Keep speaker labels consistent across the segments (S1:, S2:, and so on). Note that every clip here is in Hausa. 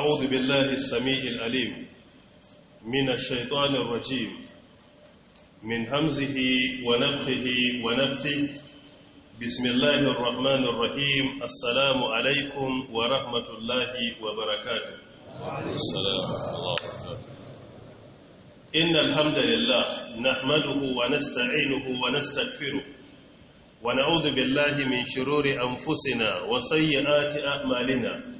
S1: أعوذ بالله السميع الأليم من الشيطان الرجيم من همزه ونفخه ونفسه بسم الله الرحمن الرحيم السلام عليكم ورحمة الله وبركاته وعليكم السلام ورحمة الله وبركاته إن الحمد لله نحمده ونستعينه ونستغفره ونعوذ بالله من شرور أنفسنا وسيئات أعمالنا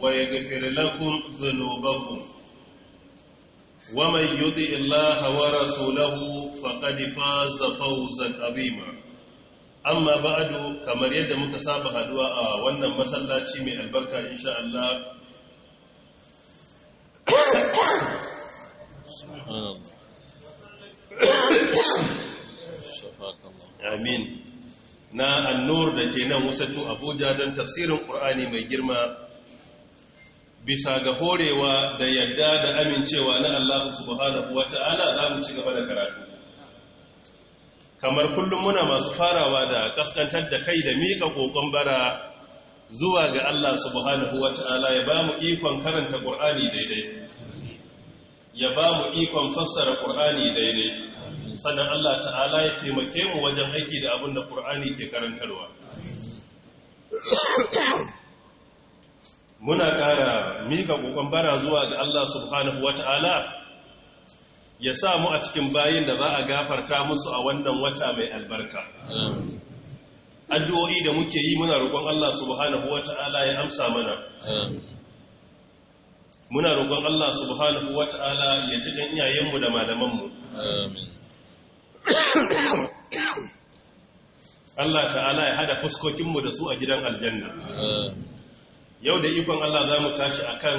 S1: ويغفر لكم ذنوبكم ومن يطع الله ورسوله فقد فاز فوزا عظيما amma ba'adu kamar yadda muka saba haduwa a wannan masallaci mai albarka insha Allah amin na annur da ke nan wasatu abuja don tafsirin ƙur'ani mai girma bisa ga horewa da yadda da amincewa na Allah subhanahu wa ta'ala za mu ci gaba da karatu kamar kullum muna masu farawa da kaskantar da kai da miƙa ƙoƙon bara zuwa ga Allah subhanahu wa ta'ala ya ba mu ikon karanta ƙur'ani daidai ya ba mu ikon fassara ƙur'ani daidai sannan Allah ta'ala ya taimake mu wajen aiki da abin da ƙur'ani ke karantarwa muna ƙara mika ƙoƙon bara zuwa ga Allah subhanahu wa ta'ala ya sa mu a cikin bayin da za a gafarta musu a wannan wata mai albarka. Addu'o'i da muke yi muna roƙon Allah subhanahu wa ta'ala ya amsa mana. Muna roƙon Allah subhanahu wa ta'ala ya ji ɗan iyayenmu da malamanmu. Allah ta'ala ya hada fuskokinmu da su a gidan aljanna. yau da ikon Allah za mu tashi a kan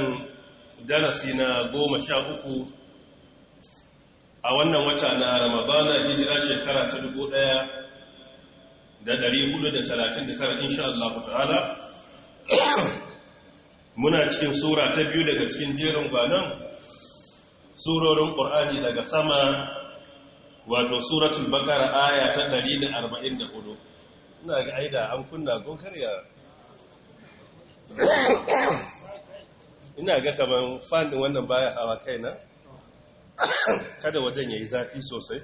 S1: darasi na goma sha uku a wannan wata na ramadana hijira shekara ta dubu ɗaya da dari hudu da talatin da tara insha Allah ta'ala muna cikin sura ta biyu daga cikin jerin gwanon surorin ƙur'ani daga sama wato suratul bakara aya ta 144 ina ga aida an kunna gon karya ina ga kamar fandin wannan baya hawa kaina kada wajen yayi zafi sosai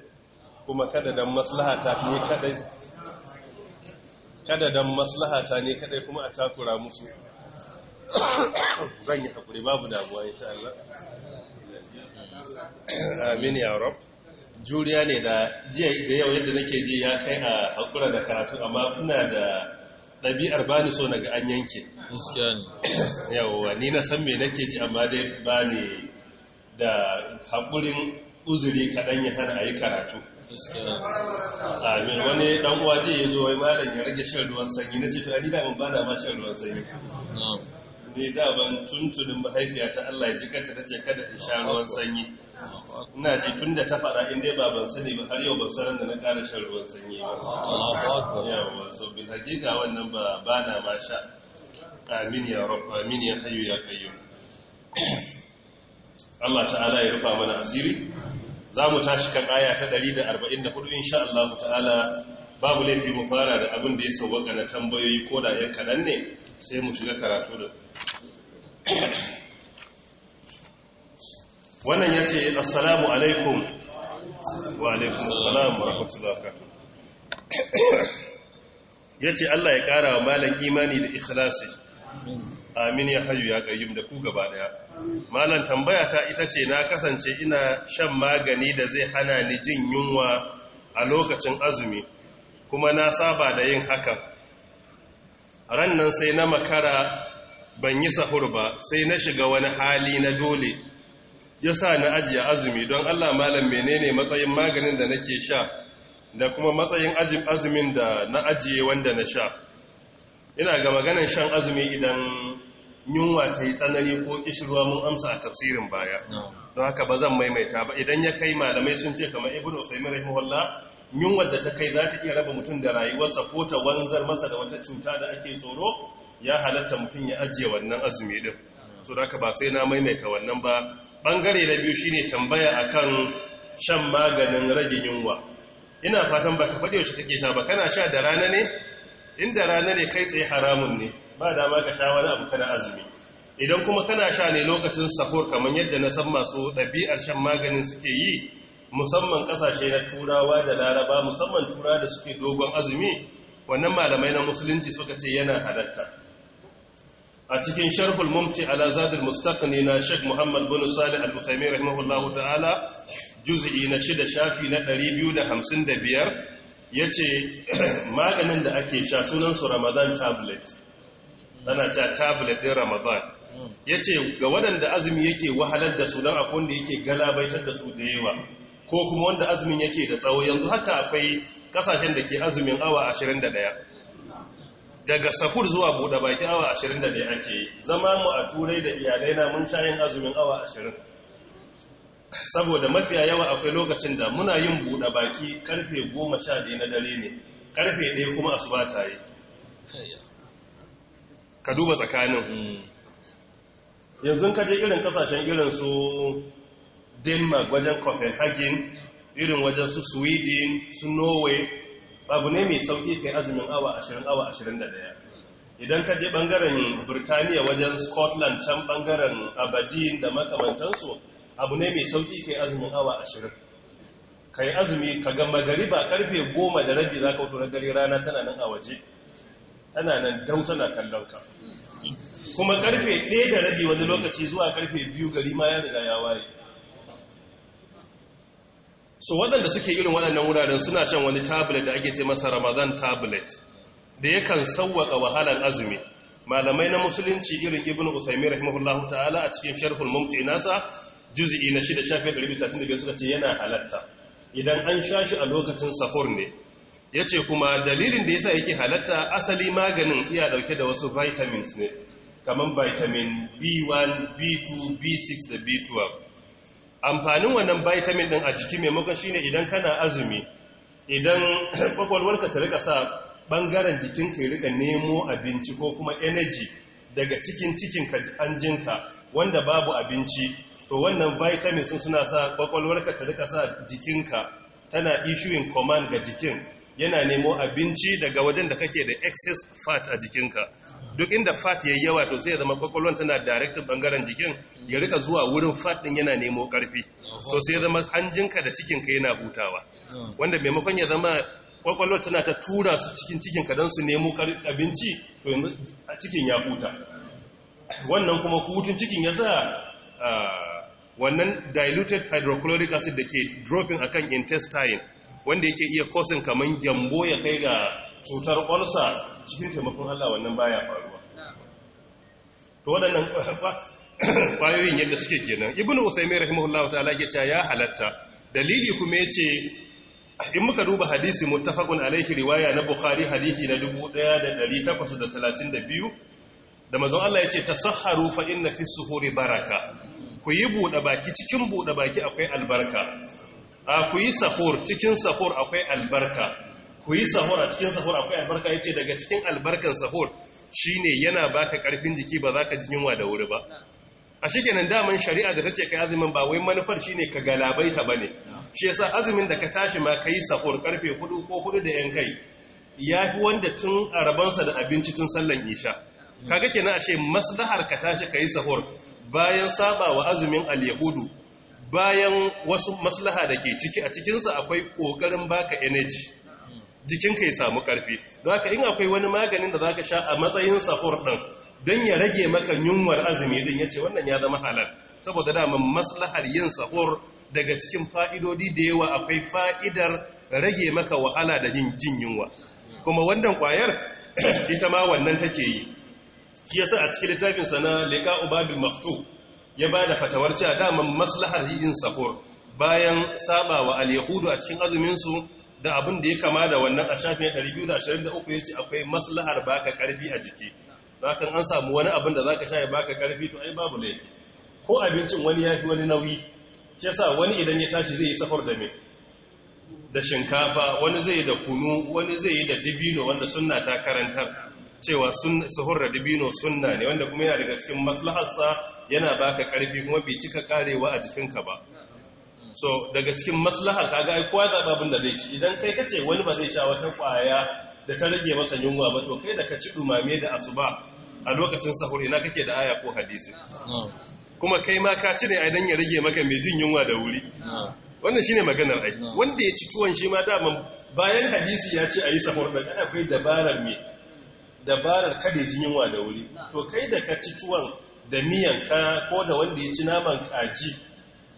S1: kuma kada dan maslaha ta ne kadai kada dan maslaha ta ne kadai kuma a takura musu zan yi hakuri babu damuwa insha Allah amin ya rab juriya ne da jiya da yau yadda nake ji ya kai a hakura da karatu amma ina da ɗabi'ar ba ni so na ga an yanke yawwa ni na san me nake ci amma dai ba ni da haƙurin uzuri kaɗan ya hana a yi karatu amin wani ɗan uwa ya zo wai malam ya rage shan ruwan sanyi na ce to ni ba na ma shan ruwan sanyi ne da ban tuntunin mahaifiya ta Allah ya jikata na ce kada in sha ruwan sanyi ina ji tun da ta fara, inda ba ban sani ba har yau ban sanar da na ƙara shan ruwan sanyi ba yawa so bin hakika wannan ba ba na ma sha amin ya rabu amin ya hayu ya Allah ta'ala ya rufa mana asiri za mu tashi kan aya ta 144 insha Allah ta'ala babu laifi mu fara da abin da ya sauwaka na tambayoyi ko da yan kaɗan ne sai mu shiga karatu da wannan ya ce assalamu alaikum wa alaikum assalamu wa rahmatullahi wa ya ce Allah ya ƙara wa malan imani da ikhlasi amin ya hayu ya gayyum da ku gaba daya malan tambaya ta ita ce na kasance ina shan magani da zai hana ni jin yunwa a lokacin azumi kuma na saba da yin hakan rannan sai na makara ban yi sahur ba sai na shiga wani hali na dole ya sa na ajiye azumi don Allah malam menene matsayin maganin da nake sha da kuma matsayin azumin da na ajiye wanda na sha ina ga maganin shan azumi idan yunwa ta yi tsanani ko kishirwa mun amsa a tafsirin baya don haka ba zan maimaita ba idan ya kai malamai sun ce kamar ibn usaimin rahimahullah yunwar da ta kai za ta iya raba mutum da rayuwarsa ko ta wanzar masa da wata cuta da ake tsoro ya halatta mutum ya ajiye wannan azumi din so da ba sai na maimaita wannan ba bangare na biyu shine tambaya akan shan maganin rage yunwa ina fatan baka faɗi yaushe kake sha ba kana sha da rana ne inda rana ne kai tsaye haramun ne ba dama ka sha wani abu kana azumi idan kuma kana sha ne lokacin sahur kamar yadda na san masu ɗabi'ar shan maganin suke yi musamman ƙasashe na turawa da laraba musamman turawa da suke dogon azumi wannan malamai na musulunci suka ce yana halatta a cikin sharhul mumti ala zadul mustaqni na shek Muhammad bin Salih Al-Uthaymeen rahimahullahu ta'ala juz'i na shida shafi na 255 yace maganin da ake sha sunan su Ramadan tablet ana cewa tablet din Ramadan yace ga waɗanda azumi yake wahalar da su dan akon da yake galabaitar da su da yawa ko kuma wanda azumin yake da tsawo yanzu haka akwai kasashen da ke azumin awa 21 daga sahur zuwa buɗe baki awa ashirin da ne ake zama mu a turai da iyalai na mun sha yin azumin awa ashirin saboda mafiya yawa akwai lokacin da muna yin buɗe baki karfe goma sha ɗaya na dare ne karfe ɗaya kuma asuba ta yi ka duba tsakanin hmm. yanzu ka je irin kasashen irin su denmark wajen copenhagen irin wajen su sweden su norway abu ne mai sauki kai azumin awa 20 awa 21 idan ka je bangaren birtaniya wajen scotland can bangaren abadin da makamantansu abu ne mai sauki kai azumin awa 20 kai azumi ka ga ba karfe 10 da rabi za ka wato na gari. rana tana nan a waje tana nan dau tana kallon ka kuma karfe 1 da rabi wani lokaci zuwa karfe 2 gari ma ya riga ya waye so waɗanda suke irin waɗannan wuraren suna shan wani tablet da ake ce masa ramadan tablet da ya kan sauwaka wahalar azumi malamai na musulunci irin ibnu usaimin rahimahullahu ta'ala a cikin sharhul mumti nasa juz'i na 6 shafi suka ce yana halatta idan an sha shi a lokacin sahur ne yace kuma dalilin da yasa yake halatta asali maganin iya dauke da wasu vitamins ne kamar vitamin B1 B2 B6 da B12 amfanin wannan vitamin din a jiki maimakon shine idan kana azumi idan kwakwalwarka ta rika sa bangaren jikinka ya rika nemo abinci ko kuma energy daga cikin cikinka anjinka wanda babu abinci to wannan vitamin sun suna sa kwakwalwarka ta rika sa jikinka tana issuing command ga jikin yana nemo abinci daga wajen da kake da excess fat a jikinka duk inda fat ya yi yawa to sai ya zama kwakwalwar tana directed bangaren jikin ya rika zuwa wurin fat din yana nemo karfi to sai ya zama hanjinka da cikinka yana hutawa wanda maimakon ya zama kwakwalwar tana ta tura su cikin cikinka don su nemo abinci to a cikin ya huta wannan kuma hutun cikin ya sa wannan diluted hydrochloric acid da ke dropping akan intestine wanda yake iya kosin kaman gyambo ya kai ga cutar ulcer cikin taimakon Allah wannan baya faruwa to waɗannan kwayoyin yadda suke kenan ibnu usaymin rahimahullahu ta'ala ya ya halatta dalili kuma yace in muka duba hadisi muttafaqun alaihi riwaya na bukhari hadisi na 1832 da manzon Allah yace tasahharu fa inna fi suhuri baraka ku yi bude baki cikin bude baki akwai albarka a ku yi sahur cikin sahur akwai albarka ku yi sahur a cikin sahur akwai albarka ya ce daga cikin albarkan sahur shi ne yana baka karfin jiki ba za ka ji yunwa da wuri ba a shi kenan daman shari'a da ta ce ka azumin ba wai manufar shi ne ka galabai ta ba ne shi yasa azumin da ka tashi ma ka yi sahur karfe hudu ko hudu da yan kai ya fi wanda tun rabonsa da abinci tun sallan isha kaga kenan ashe maslahar ka tashi ka yi sahur bayan saba wa azumin alyahudu bayan wasu maslaha da ke ciki a cikinsa akwai ƙoƙarin baka energy jikinka ya samu karfi don haka in akwai wani maganin da za ka sha a matsayin sahur ɗin don ya rage maka yunwar azumi din ce wannan ya zama halar. saboda dama maslahar yin sahur daga cikin fa'idodi da yawa akwai fa'idar rage maka wahala da yin jin yunwa kuma wannan kwayar ita ma wannan take yi shi yasa a cikin littafin sana babil maftu ya bada fatawar cewa dama maslahar yin sahur bayan sabawa al-yahudu a cikin azuminsu. da abin da ya kama da wannan a shafin 223 ya ce akwai maslahar baka karfi a jiki kan an samu wani abin da zaka sha ya baka karfi to ai babu laifi ko abincin wani ya fi wani nauyi ke sa wani idan ya tashi zai yi safar da me da shinkafa wani zai yi da kunu wani zai yi da dibino wanda sunna ta karantar cewa sahur da dibino sunna ne wanda kuma yana daga cikin maslahar sa yana baka karfi kuma bai cika karewa a jikinka ba so daga cikin maslahar kaga ai kowa zaba abin da zai ci idan kai kace wani ba zai sha wata kwaya da ta rage masa yunwa ba to kai da ka ci dumame da asuba a lokacin sahur ina kake da aya ko hadisi kuma kai ma ka ci ne ai dan ya rage maka mai jin yunwa da wuri wannan shine maganar ai wanda ya ci tuwon shi ma dama bayan hadisi ya ce ayi sahur da kai dabarar me dabarar kada jin yunwa da wuri to kai da ka ci tuwon da miyan ka ko da wanda ya ci naman kaji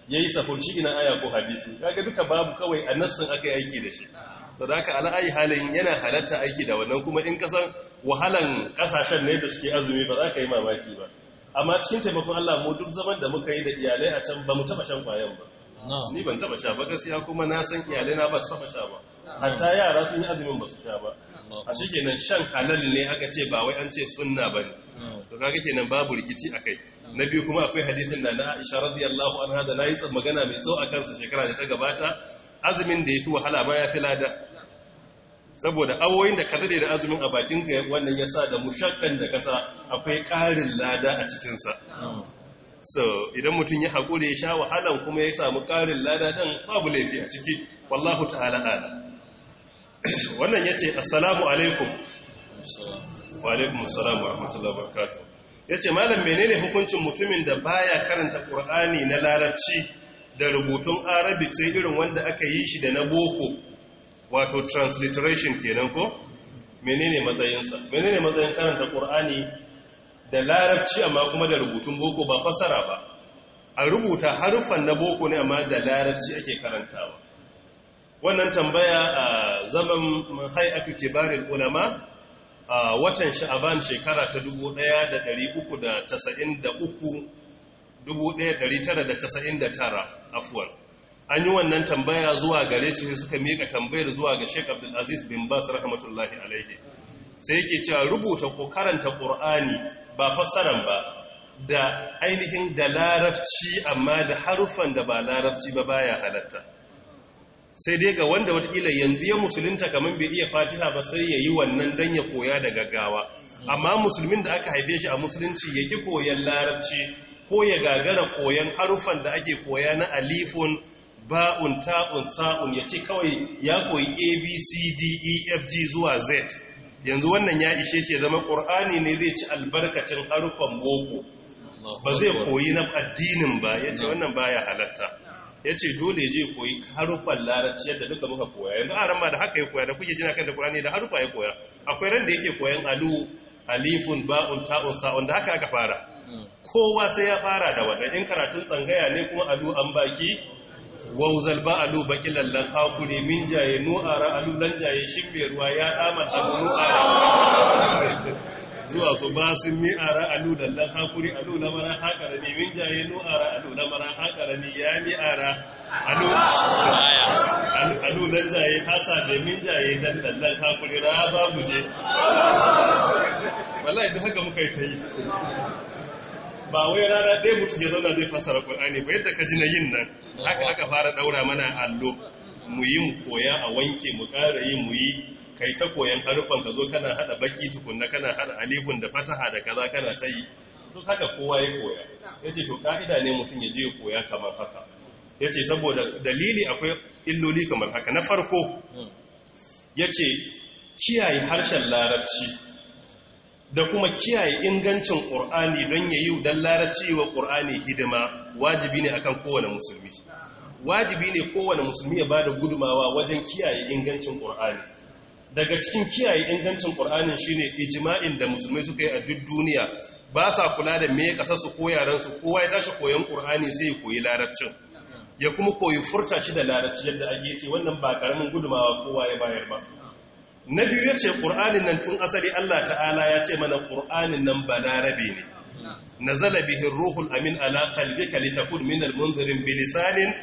S1: yayi sahur shi ina aya ko hadisi kaga duka babu kawai a nassin yi aiki da shi sadaka ala halin yana halatta aiki da wannan kuma in kasan wahalan kasashen ne da suke azumi ba za ka yi mamaki ba amma cikin taimakon Allah mu duk zaman da muka yi da iyalai a can ba mu taba shan kwayan ba ni ban taba sha ba gaskiya kuma na san iyalai na ba su taba sha ba hatta yara sun yi azumin ba su sha ba a nan shan halal ne aka ce ba wai an ce sunna bane to kaga kenan babu rikici akai na biyu kuma akwai hadithin da na aisha radiyallahu anha da nayi magana mai tsawo akan sa shekara da ta gabata azumin da yafi wahala baya fi lada saboda awoyin da ka zade da azumin a bakin ka wannan yasa da mushakkan da kasa akwai ƙarin lada a cikin sa so idan mutum ya hakuri ya sha wahalan kuma ya samu ƙarin lada dan babu laifi a ciki wallahu ta'ala ala wannan yace assalamu alaikum wa alaikum assalam wa rahmatullahi wa barakatuh ya ce malam menene hukuncin mutumin da baya karanta ƙur'ani na larabci da rubutun arabic sai irin wanda aka yi shi da na boko wato transliteration kenan ko menene matsayinsa menene matsayin karanta ƙur'ani da larabci amma kuma da rubutun boko ba fasara ba a rubuta harufan na boko ne amma da larabci ake karantawa wannan tambaya a zaman hay'atu kibaril ulama a watan sha'aban shekara ta 1,393 afuwan an yi wannan tambaya zuwa gare shi suka miƙa tambayar zuwa ga Sheikh Abdulaziz Aziz bin Bas rahmatullahi alaihi sai yake cewa rubuta ko karanta ba fassaran ba da ainihin da larabci amma da harufan da ba larabci ba baya halatta sai dai ga wanda watakila yanzu ya musulunta kamar bai iya fatiha ba sai ya yi wannan don ya koya da gawa. amma musulmin da aka haife shi a musulunci ya ki koyan larabci ko ya gagara koyan harufan da ake koya na alifun ba'un ta'un sa'un ya ce kawai ya koyi e, G, zuwa z yanzu wannan ya ishe shi zama ƙur'ani ne zai ci albarkacin harufan boko ba zai koyi na addinin ba ya ce wannan baya halatta ya ce dole ya je koyi harufan larabci yadda duka muka koya yanzu a ramma da haka ya koya da kuke jina kan da kurani da harufa ya koya akwai ran da yake koyan alu alifun ba'un ta'un sa'un da haka aka fara kowa sai ya fara da wannan in karatun tsangaya ne kuma alu an baki wauzal ba alu baki lallan haƙuri min jaye nu'ara alu lan jaye shimbe ruwa ya dama alu nu'ara zuwa su ba su ni a ra'alu da lan hakuri alu na mara haƙara ne min jaye nu a ra'alu na mara haƙara ne ya ni a ra'alu alu lan jaye hasa da min jaye dan lan hakuri ra ba mu je wallahi da haka muka yi ta yi ba wai rana ɗaya mutum ya zauna zai fasara ƙul'ani ba yadda ka ji na yin nan haka aka fara ɗaura mana allo mu yi mu koya a wanke mu ƙara yi mu yi kai ta koyan harufan ka zo kana hada baki tukunna kana hada alifun da fataha da kaza kana ta yi duk haka kowa ya koya yace to ka'ida ne mutum ya je ya koya kamar haka yace saboda dalili akwai illoli kamar haka na farko yace kiyaye harshen larabci da kuma kiyaye ingancin qur'ani don yayi dan larabci wa qur'ani hidima wajibi ne akan kowane musulmi wajibi ne kowane musulmi ya bada da gudumawa wajen kiyaye ingancin ƙur'ani daga cikin kiyaye ingancin ƙur'anin shine ijima'in da musulmai suka yi a duk duniya ba sa kula da me kasar su ko yaran kowa ya tashi koyon ƙur'ani sai koyi larabcin ya kuma koyi furta shi da larabci yadda ake ce wannan ba karamin gudumawa kowa ya bayar ba na biyu ya ce ƙur'anin nan tun asali Allah ta'ala ya ce mana ƙur'anin nan ba larabe ne nazala bihin ruhul amin ala qalbika litakun min almunzirin bilisanin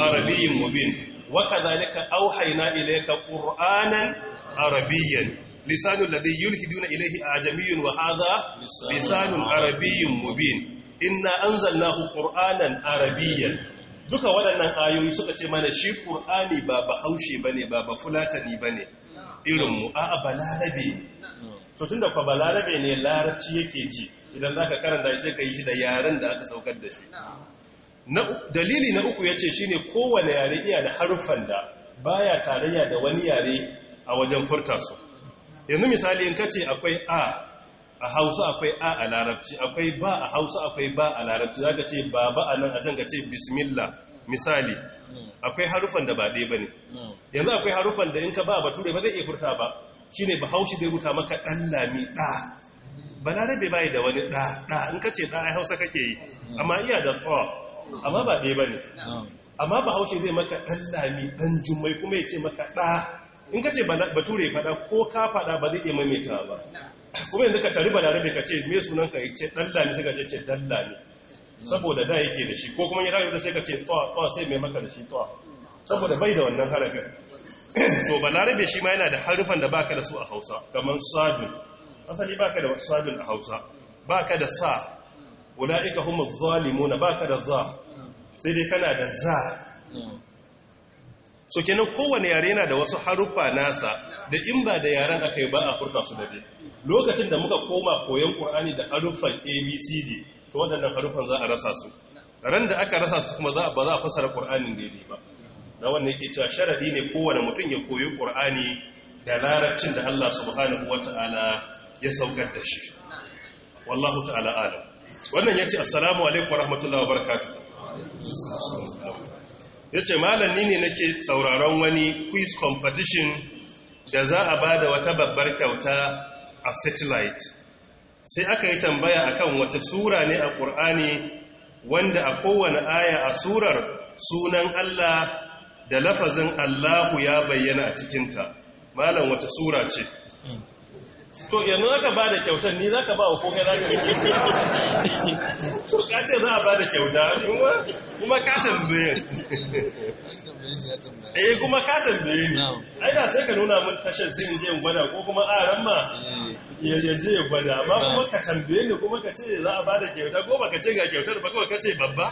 S2: arabiyyin mubin
S1: wa kadhalika auhayna ilayka qur'anan arabiyyan lisanul ladhi yulhiduna ilayhi ajamiyyun wa hadha lisanun arabiyyun mubin inna anzalnahu qur'anan arabiyyan duka waɗannan ayoyi suka ce mana shi ƙur'ani ba bahaushe bane ba ba ne. irin mu a'a balarabe so tunda kwa balarabe ne larabci yake ji idan zaka karanta sai yi shi da yaren da aka saukar da shi dalili na uku ya ce shi ne kowane yare iya da harufan da baya tarayya da wani yare a wajen furta su yanzu misali in kace akwai a a hausa akwai a a larabci akwai ba a hausa akwai ba a larabci za ka ce ba ba a nan a can ka ce bismillah misali akwai harufan da ba ɗaya ba ne yanzu akwai harufan da in ka ba bature ba zai iya furta ba shi ne ba haushi da rubuta maka ɗan lami ɗa ba larabe bayi da wani ɗa ɗa in ka ce ɗa a hausa kake yi amma iya da ɗa amma ba ɗaya ba ne amma ba haushi zai maka ɗan lami ɗan jummai kuma ya ce maka ɗa in ka ce bature faɗa ko ka faɗa ba zai iya maimaita ba kuma yanzu ka tari balarabe ka ce me sunan ka ce dallami sai ka ce ce dallami saboda da yake da shi ko kuma ya rayu sai ka ce twa twa sai mai maka da shi twa saboda bai da wannan harafin to balarabe shi ma yana da harufan da baka da su a hausa kamar Sabin, asali baka da Sabin a hausa baka da sa ula'ika humuz zalimuna baka da za sai dai kana da za hmm. so kenan kowane yare yana da wasu haruffa nasa da in ba da yaren aka yi ba a furta su da lokacin da muka koma koyon ƙur'ani da haruffan abcd to waɗannan haruffan za a rasa su ran da aka rasa su kuma za ba za a fasara qur'anin daidai ba na wannan yake cewa sharadi ne kowane mutum ya koyi ƙur'ani da larabcin da Allah subhanahu ta'ala ya saukar da shi wallahu ta'ala alam wannan yace assalamu alaikum warahmatullahi wabarakatuh ya ce malami ne nake sauraron wani quiz competition da za a ba da wata babbar kyauta a satellite sai aka yi tambaya akan wata sura ne a ƙur'ani wanda a kowane aya a surar sunan Allah da lafazin Allahu ya bayyana a cikinta malam wata sura ce hmm. to yanzu zaka ba da kyautar ni zaka ba wa ko kai zaka to ka ce za a ba da kyauta kuma kuma ka tambaye eh kuma ka tambaye ni ai da sai ka nuna mun tashar sai in je in gwada ko kuma a ran ma eh. ya je ya gwada amma kuma ka tambaye ni kuma ka ce za a ba da kyauta ko baka ce ga kyautar ba kuma ka ce babba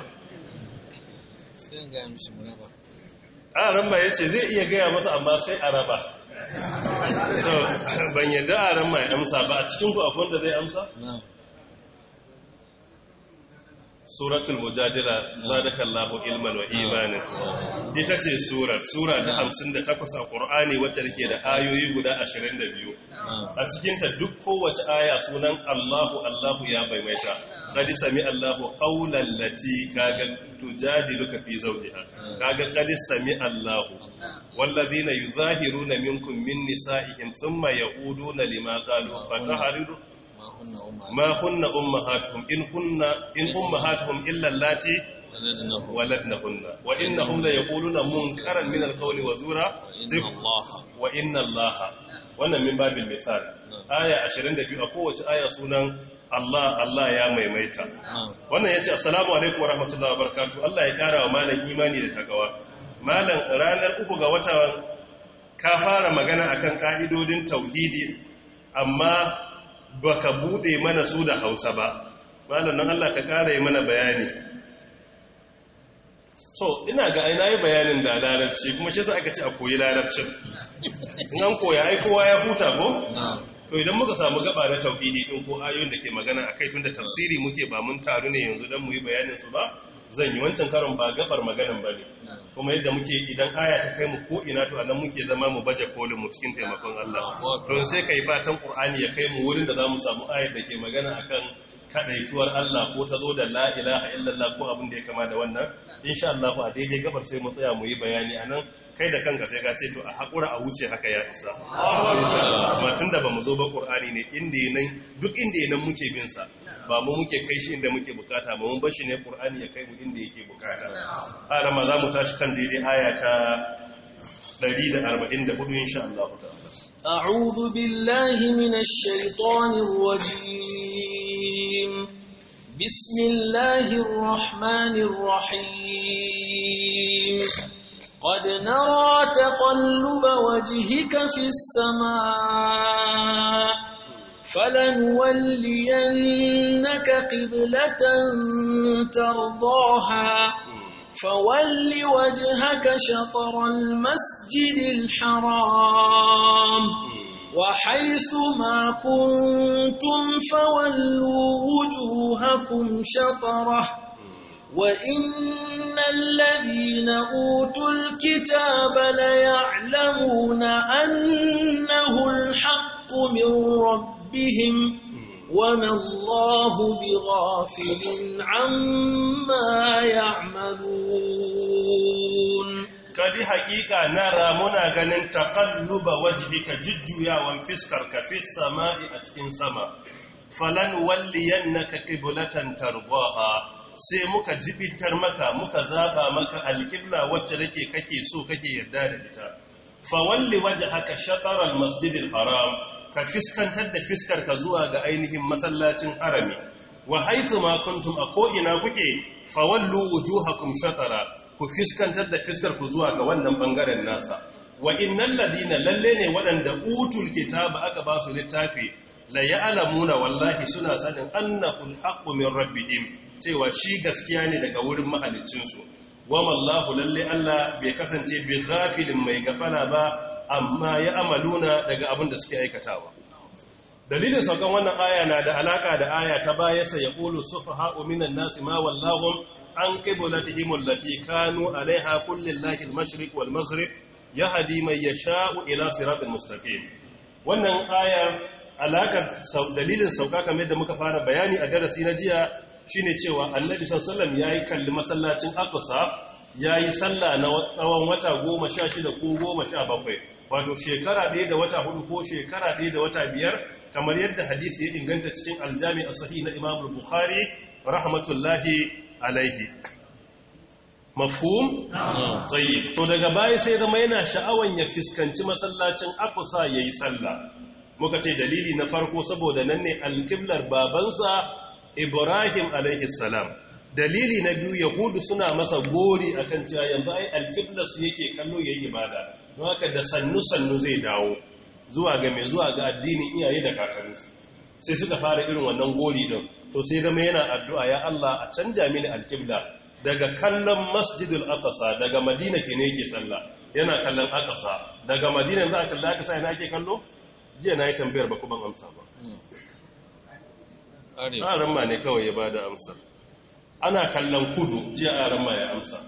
S2: sai in ga mishi muna ba
S1: a ran ma yace zai iya gaya masa amma sai a raba so ban yadda a ran mai amsa ba a cikin ku akwai zai amsa suratul mujadila zadakallahu ilman wa imanin ita ce surat sura ta takwas a qur'ani wacce rike da ayoyi guda ashirin da biyu. a cikin ta duk kowace aya sunan Allahu Allahu ya baimaita Kadi sami Allahu qawlan lati kaga luka fi zawjiha kaga kadi sami Allahu wallazina yuzahiruna minkum min nisa'ihim thumma yaquduna lima qalu fatahriru ma kunna ummahatuhum in kunna in ummahatuhum illa allati waladnahunna wa innahum la yaquluna munkaran min alqawli wa zura wa inna allaha wannan min babil misal aya 22 a kowace aya sunan Allah Allah ya maimaita wannan yace assalamu alaikum warahmatullahi wabarakatuh Allah ya kara wa malam imani da gawa. malam ranar uku ga wata ka fara magana akan ka'idodin tauhidi amma baka bude mana su da hausa ba malam nan Allah ka kara mana bayani so ina ga aina yi bayanin da larabci kuma shi sa aka ce a koyi larabcin in an koya ai ya huta ko to idan muka samu gaba na tauhidi ɗin ko ayoyin da ke magana akai da tafsiri muke ba mun taru ne yanzu dan mu yi bayanin su ba zai yi wancan karon ba gabar maganan ba ne kuma yadda muke idan aya ta kai mu ko ina to anan muke zama mu baje kolin mu cikin taimakon Allah to sai kai fatan Qur'ani ya kai mu wurin da zamu samu ayat da ke magana akan Kaɗaituwar Allah ko ta zo da laila a illallah ko abin da ya kama da wannan insha Allah a daidai gabar sai mu tsaya mu yi bayani a nan, kai da kanka sai ka ce to a haƙura a wuce haka ya isa amma ba mu zo ba ƙur'ani ne inda nan duk inda ya nan muke bin sa ba mu muke kai shi inda muke bukata ba mun bar shi ne ƙur'ani ya kai mu inda yake bukata a rama za mu tashi kan daidai aya ta 144 insha Allah ta'ala
S3: أعوذ بالله من الشيطان الرجيم بسم الله الرحمن الرحيم قد نرى تقلب وجهك في السماء فلنولينك قبلة ترضاها فول وجهك شطر المسجد الحرام وحيث ما كنتم فولوا وجوهكم شطره وإن الذين أوتوا الكتاب ليعلمون أنه الحق من ربهم وما الله بغافل عما يعملون قد حقيقة
S1: نرى منا غنن تقلب وجهك ججيا وانفسكرك في السماء أتكن سما فلن ولينك قبلة ترضاها sai muka jibintar maka muka zaba maka alkibla wacce nake kake so kake yarda da ita fawalli waje haka shatarar masjidil haram ka fiskantar da fiskar ka zuwa ga ainihin masallacin harami wa haithu ma kuntum a ko'ina kuke fawallu wujuhakum shatara ku fiskantar da fiskar ku zuwa ga wannan bangaren nasa wa innal ladina lalle ne waɗanda utul kitaba aka ba su littafi la ya'lamuna wallahi suna sanin annahu alhaqqu min rabbihim cewa shi gaskiya ne daga wurin mahaliccinsu wa mallahu lalle Allah bai kasance bi ghafilin mai gafana ba amma ya amaluna daga abin da suke aikatawa dalilin saukan wannan aya na da alaka da aya ta baya sai ya qulu sufaha'u minan nasi ma wallahum an qiblatihim allati kanu alaiha kullu lillahi al-mashriq wal maghrib yahdi man yasha'u ila siratal mustaqim wannan aya alaka dalilin sauka kamar da muka fara bayani a darasi na jiya shine cewa annabi sallallahu ya yi kalli masallacin aqsa yayi sallah na tsawon wata goma sha shida ko goma sha bakwai wato shekara ɗaya da wata hudu ko shekara ɗaya da wata biyar kamar yadda hadisi ya inganta cikin aljami a sahi na imam bukhari rahmatullahi alaihi mafhum tayyib to daga baya sai zama yana sha'awan ya fiskanci masallacin akusa yayi sallah muka ce dalili na farko saboda nan ne alqiblar babansa ibrahim alaihi salam dalili na biyu yahudu suna masa gori akan cewa yanzu ai alqiblar su yake kallo yayi ibada don haka da sannu-sannu zai dawo zuwa ga mai zuwa ga addinin iyaye da su sai suka fara irin wannan gori don. to sai zama yana addu'a ya Allah a canja mini alkibla daga kallon masjidul akasa daga madina ke ne ke sallah yana kallon akasa daga madina za a kalla akasa yana ake kallo jiya na yi tambayar ba kuma amsa ba aramma ne kawai ya bada amsa ana kallon kudu jiya aramma ya amsa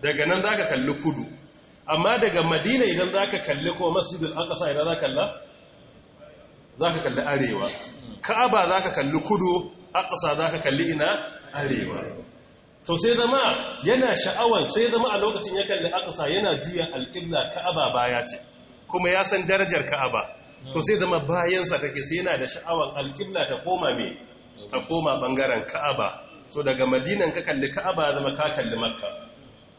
S1: daga nan za ka kalli kudu amma daga madina idan za ka kalli ko masjidul aqsa idan za kalla za ka kalli arewa ka'aba za ka kalli kudu aqsa za ka kalli ina arewa to sai zama yana sha'awan sai zama a lokacin ya kalli akasa yana juya alƙibla ka'aba baya ce kuma ya san darajar ka'aba to sai zama bayansa take sai yana da sha'awan alƙibla ta koma me ta koma bangaren ka'aba so daga madinan ka kalli ka'aba zama ka kalli makka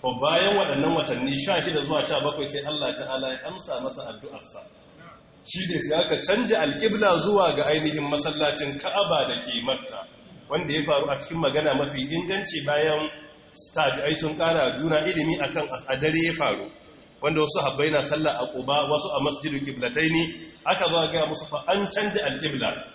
S1: to bayan waɗannan watanni sha shida zuwa sha bakwai sai Allah ta'ala ya amsa masa addu'arsa shi ne sai aka canja alƙibla zuwa ga ainihin masallacin ka'aba da ke makka wanda ya faru a cikin magana mafi inganci bayan ai sun ƙara juna ilimi akan a dare ya faru wanda wasu habbai na sallah a ƙuba wasu a masjidu kiblatai ne aka zo ga musu fa an canja alƙibla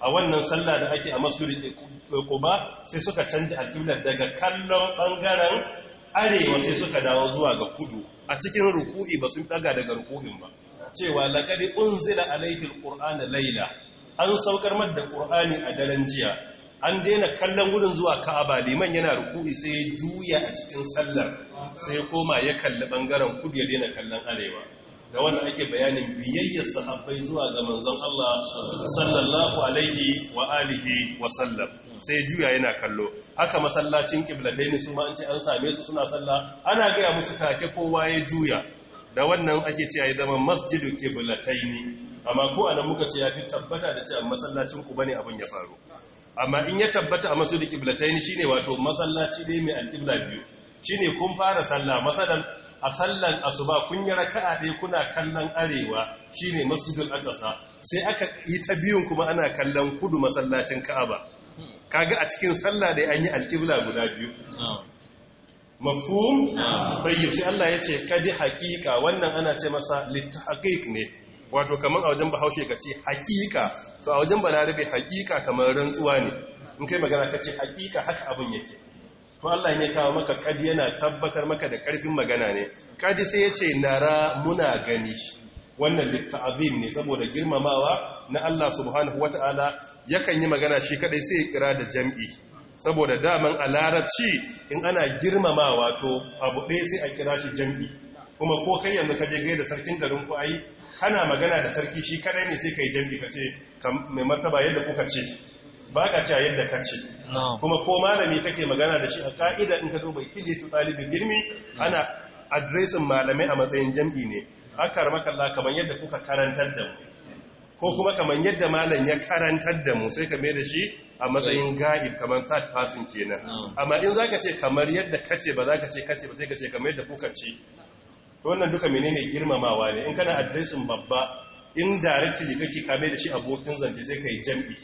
S1: a wannan sallah da ake a masjidu ƙuba sai suka canja alƙibla daga kallon ɓangaren arewa sai suka dawo zuwa ga kudu a cikin ruku'i ba sun daga daga ruku'in ba cewa laqad unzila alayhi alqur'ana laila. an saukar da qur'ani a daren jiya an daina kallon gudun zuwa ka'aba liman yana ruku'i sai ya juya a cikin sallar sai koma ya kalli bangaren kudu ya daina kallon arewa da wanda ake bayanin biyayyar sahabbai zuwa ga manzon Allah sallallahu alaihi wa alihi wa sallam sai juya yana kallo haka masallacin kiblatai ne su ma an same su suna salla ana gaya musu take kowa ya juya da wannan ake ce ya zama masjidu kiblatai ne amma ko anan muka ce ya fi tabbata da ce a masallacin ku bane abin ya faru amma in ya tabbata a masjidu kiblatai ne shine wato masallaci dai mai alkibla biyu shine kun fara sallah masalan a sallan asuba kun yi raka'a ɗaya kuna kallon arewa shine masjidul aqsa sai aka yi ta biyun kuma ana kallon kudu masallacin ka'aba kaga a cikin sallah da an yi alƙibla guda biyu mafhum tayyib sai Allah yace ce kadi hakika wannan ana ce masa littahaqiq ne wato kaman a wajen bahaushe ka ce hakika, to a wajen balarabe hakika kamar rantsuwa ne in kai magana kace ce haka abin yake to Allah ya kawo maka kadi yana tabbatar maka da karfin magana ne kadi sai yace ce nara muna gani wannan litta'azim ne saboda girmamawa na Allah subhanahu wata'ala yakan yi magana shi kadai sai ya kira da jam'i saboda daman a larabci in ana girmama wato abu ɗaya sai a kira shi jam'i kuma ko kai yanzu ka je gaida sarkin garin ku ai kana magana da sarki shi kadai ne sai yi jam'i ka ce mai martaba yadda kuka ce ba ka ce yadda ka ce kuma ko malami kake magana da shi a ka'ida in ka duba ta ɗalibin girmi mm. ana adresin malamai a matsayin jam'i ne akar karmakalla kamar yadda kuka karantar da mu ko kuma kamar yadda malam ya karantar da mu sai ka da shi a matsayin ga'ib kamar third person kenan amma in zaka ce kamar yadda kace ba zaka ce kace ba sai ka ce kamar yadda kuka ce to wannan duka menene girmamawa ne in kana addressin babba in directly kake kame da shi abokin zance sai kai jam'i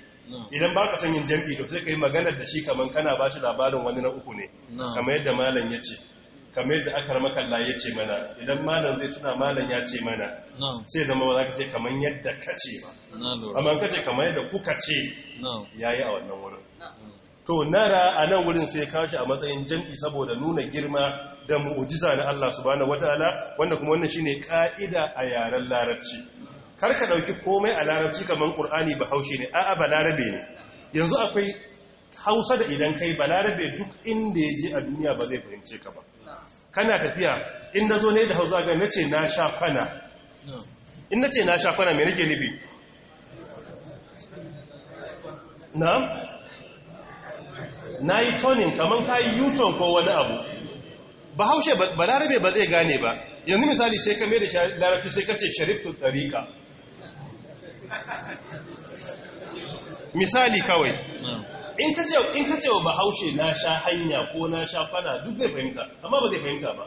S1: idan baka san yin jam'i to sai kai magana da shi kamar kana bashi labarin wani na uku ne kamar yadda malam ya ce kamar yadda akar makalla ya ce mana idan malam zai tuna malam ya ce mana sai zama ba za ka ce kamar yadda ka ce ba
S2: amma ka ce kamar
S1: yadda kuka ce ya yi a wannan wurin to nara a nan wurin sai kashi a matsayin jam'i saboda nuna girma da mu'ujiza na Allah subhanahu wataala wanda kuma wannan shine ka'ida a yaren larabci kar ka dauki komai a larabci kamar qur'ani bahaushe ne a'a Balarabe ne yanzu akwai hausa da idan kai Balarabe duk inda ya je a duniya ba zai fahimce ka ba kana tafiya in na zo ne da hausa ga nace na sha kwana in na ce na sha kwana mai nake nufi na na yi tonin kamar ka yi yuton ko wani abu ba haushe ba larabe ba zai gane ba yanzu misali sai ka mai da larabci sai ka ce shariftun ɗarika misali kawai in ka ce wa bahaushe na sha hanya ko na sha kwana duk zai fahimta amma ba zai fahimta ba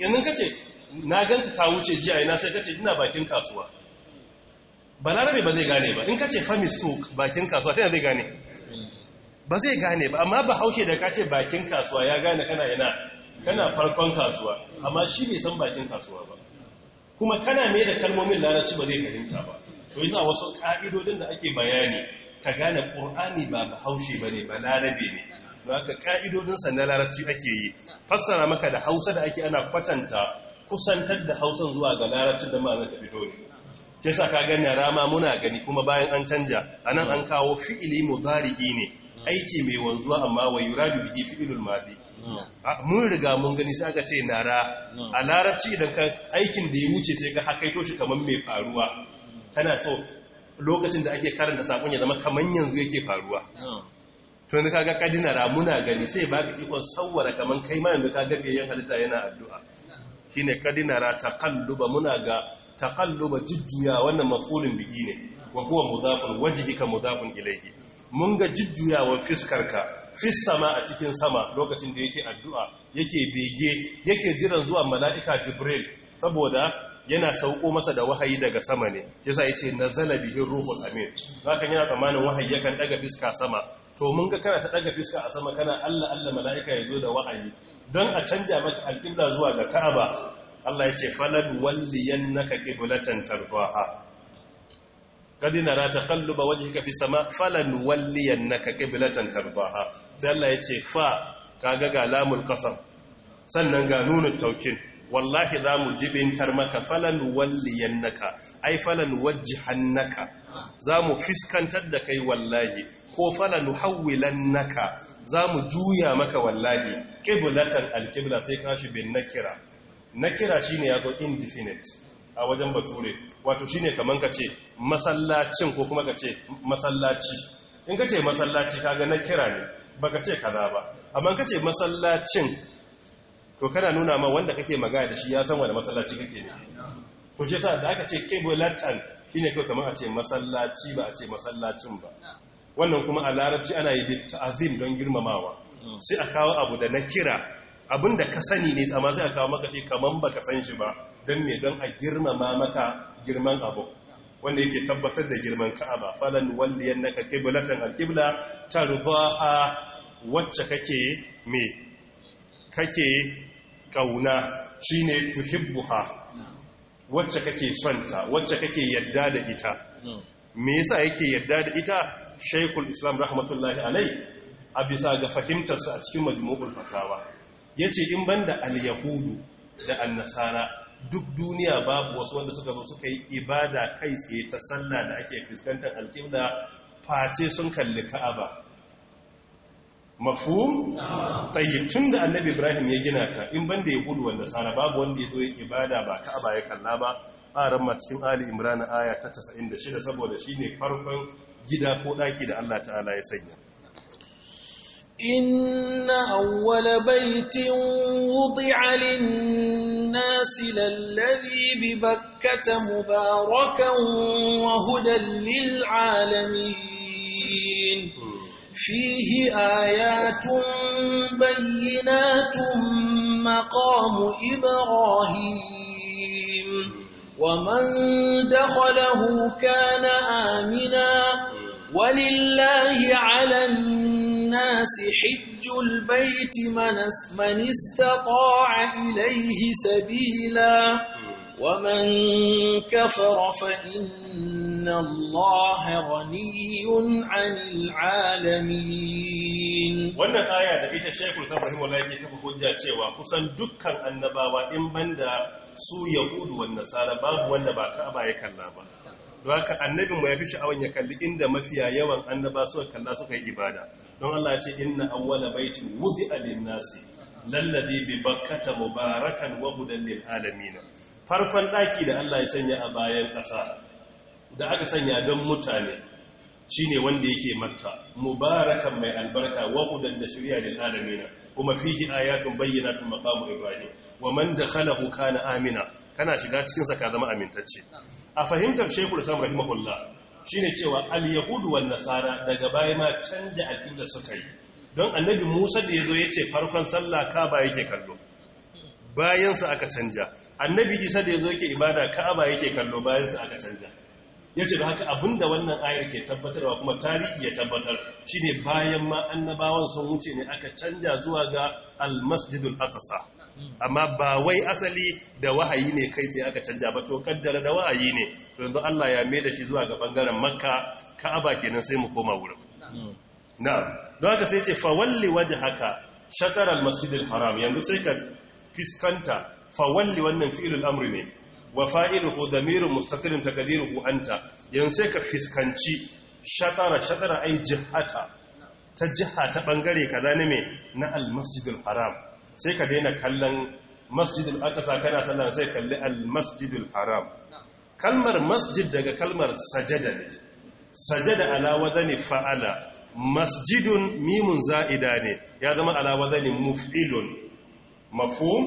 S1: yanzu ka ce na ganka ka wuce jiya ina sai ka ce ina bakin kasuwa balarabe ba zai gane ba in ce fami so bakin kasuwa ta yana zai gane ba zai gane ba amma bahaushe da kace bakin kasuwa ya gane kana yana kana farkon kasuwa amma shi bai san bakin kasuwa ba kuma kana mai da kalmomin larabci ba zai fahimta ba to yana wasu ka'idodin da ake bayani ka gane ƙur'ani ba bahaushe ba ne ba larabe ne don haka ka'idodinsa na larabci ake yi fassara maka da hausa da ake ana kwatanta kusantar da hausan zuwa ga larabci da ma'anar ta fito ne ke sa ka gani rama muna gani kuma bayan an canja a nan an kawo fi'ili mudari'i ne aiki mai wanzuwa amma wa yuradu bihi fi'ilul madi mun riga mun gani sai aka ce nara a larabci idan ka aikin da ya wuce sai ka hakaito shi kamar mai faruwa kana so lokacin da ake karanta sakon ya zama kamar yanzu yake faruwa to yanzu kaga kadinara muna gani sai baka ikon sauwara kamar kai ma yanzu ka gafe yan halitta yana addu'a shine kadinara taqalluba muna ga ba jijjuya wannan maf'ulun biki ne wa huwa mudafun wajhika muzafin ilaihi mun ga jujjuyawan fiskarka fis sama a cikin sama lokacin da yake addu'a yake bege yake jiran zuwa mala'ika jibril saboda yana sauko masa da wahayi daga sama ne shi yasa yace nazala bihi ruhul amin hakan yana tsamanin wahayi yakan daga fiska sama to mun ga kana ta daga fiska a sama kana Allah Allah mala'ika ya zo da wahayi don a canja maka alƙibla zuwa ga ka'aba Allah ya ce falad walliyan naka qiblatan rata kadina ba waje ka fi sama falan walliyan naka qiblatan ha sai Allah ya ce fa ka ga lamul ƙasa sannan ga nunin taukin wallahi za mu jibintar maka falan walliyan naka ai falan wajjihan hannaka, za mu fiskantar da kai wallahi ko falan hauwilan naka za mu juya maka wallahi kebulatan alƙibla sai kashi bin nakira nakira shi ne ya zo indefinite a wajen bature wato shi ne kamar ka ce masallacin ko kuma ka ce masallaci in ka ce masallaci kaga nakira ne ba ka ce kaza ba amma ka ce masallacin to kana nuna ma wanda kake magana da shi ya san wani masallaci kake ne ko shi yasa da aka ce shi shine kai kamar a ce masallaci ba a ce masallacin ba wannan kuma a larabci ana yi ta'azim don girmamawa mm. sai a kawo abu da na kira abin da ka sani ne amma sai a kawo maka shi ba baka san shi ba don me don a girmama maka girman abu wanda yake tabbatar da girman ka'aba falan walliyan naka qiblatan alqibla tardaha wacce kake me kake kauna shine tuhibbuha wacce kake sonta wacce kake yadda da ita mm. me yasa yake yadda da ita shaikul islam rahmatullahi alai a bisa ga fahimtarsa a cikin majmu'ul fatawa ya ce in banda al-yahudu da annasara duk duniya babu wasu wanda suka zo suka yi ibada kai tsaye ta sallah da ake fuskantar alkimda face sun kalli ka'aba mafhum tayyib da annabi ibrahim ya gina ta in banda ya gudu wanda sara babu wanda ya zo ya ibada ba ka'aba ya kalla ba a ramma cikin ali imran aya ta 96 saboda shine farkon gida ko ɗaki da Allah ta'ala ya sanya
S3: إن أول بيت وضع للناس للذي ببكة مباركا وهدى للعالمين فيه آيات بينات مقام إبراهيم ومن دخله كان آمناً ولله على الناس حج البيت من استطاع إليه سبيلا ومن كفر فإن الله غني عن العالمين wannan aya da ita Sheikhul Islam rahimahullah yake
S1: kafa hujja cewa kusan dukkan annabawa in banda su Yahudu wan Nasara babu wanda ba Ka'aba ya kalla ba haka annabin mu ya fi sha'awan ya kalli inda mafiya yawan annaba suka kalla suka yi ibada don Allah ya ce inna awwala baitin wudi'a lin-nasi lalladhi bi bakkata mubarakan wa hudan lil-alamin farkon daki da Allah ya sanya a bayan kasa da aka sanya don mutane shine wanda yake makka mubarakan mai albarka wa hudan da shari'a lil alamin kuma fihi ayatun bayyinatun maqam ibrahim wa man dakhalahu kana amina kana shiga cikin sa ka zama amintacce a fahimtar shekul islam rahimahullah shine cewa al-yahudu wan nasara daga baya ma canja addinin suka yi don annabi Musa da ya yace farkon sallah Ka'aba yake kallo bayan aka canja annabi Isa da yazo yake ibada Ka'aba yake kallo bayan aka canja yace da haka abinda wannan ayar ke tabbatarwa kuma tarihi ya tabbatar shine bayan ma annabawan sun wuce ne aka canja zuwa ga al-masjidul aqsa amma ba wai asali da wahayi ne kai tsaye aka canja ba to kaddara da wahayi ne to yanzu Allah ya mai da shi zuwa ga bangaren makka ka'aba kenan sai mu koma wurin na'am don haka sai ce fa walli wajhaka shatar al-masjid al-haram yanzu sai ka fiskanta fa walli wannan fi'ilul amri ne wa fa'iluhu damirun mustatirun takdiruhu anta yanzu sai ka fiskanci shatar shatar ai jihata ta jiha ta bangare kaza ne me na al-masjid al-haram sai ka daina kallon masjidul aqsa kana sallah sai kalli al haram kalmar masjid daga kalmar sajada ne sajada ala wazani fa'ala masjidun mimun za'ida ne ya zama ala wazani muf'ilun mafhum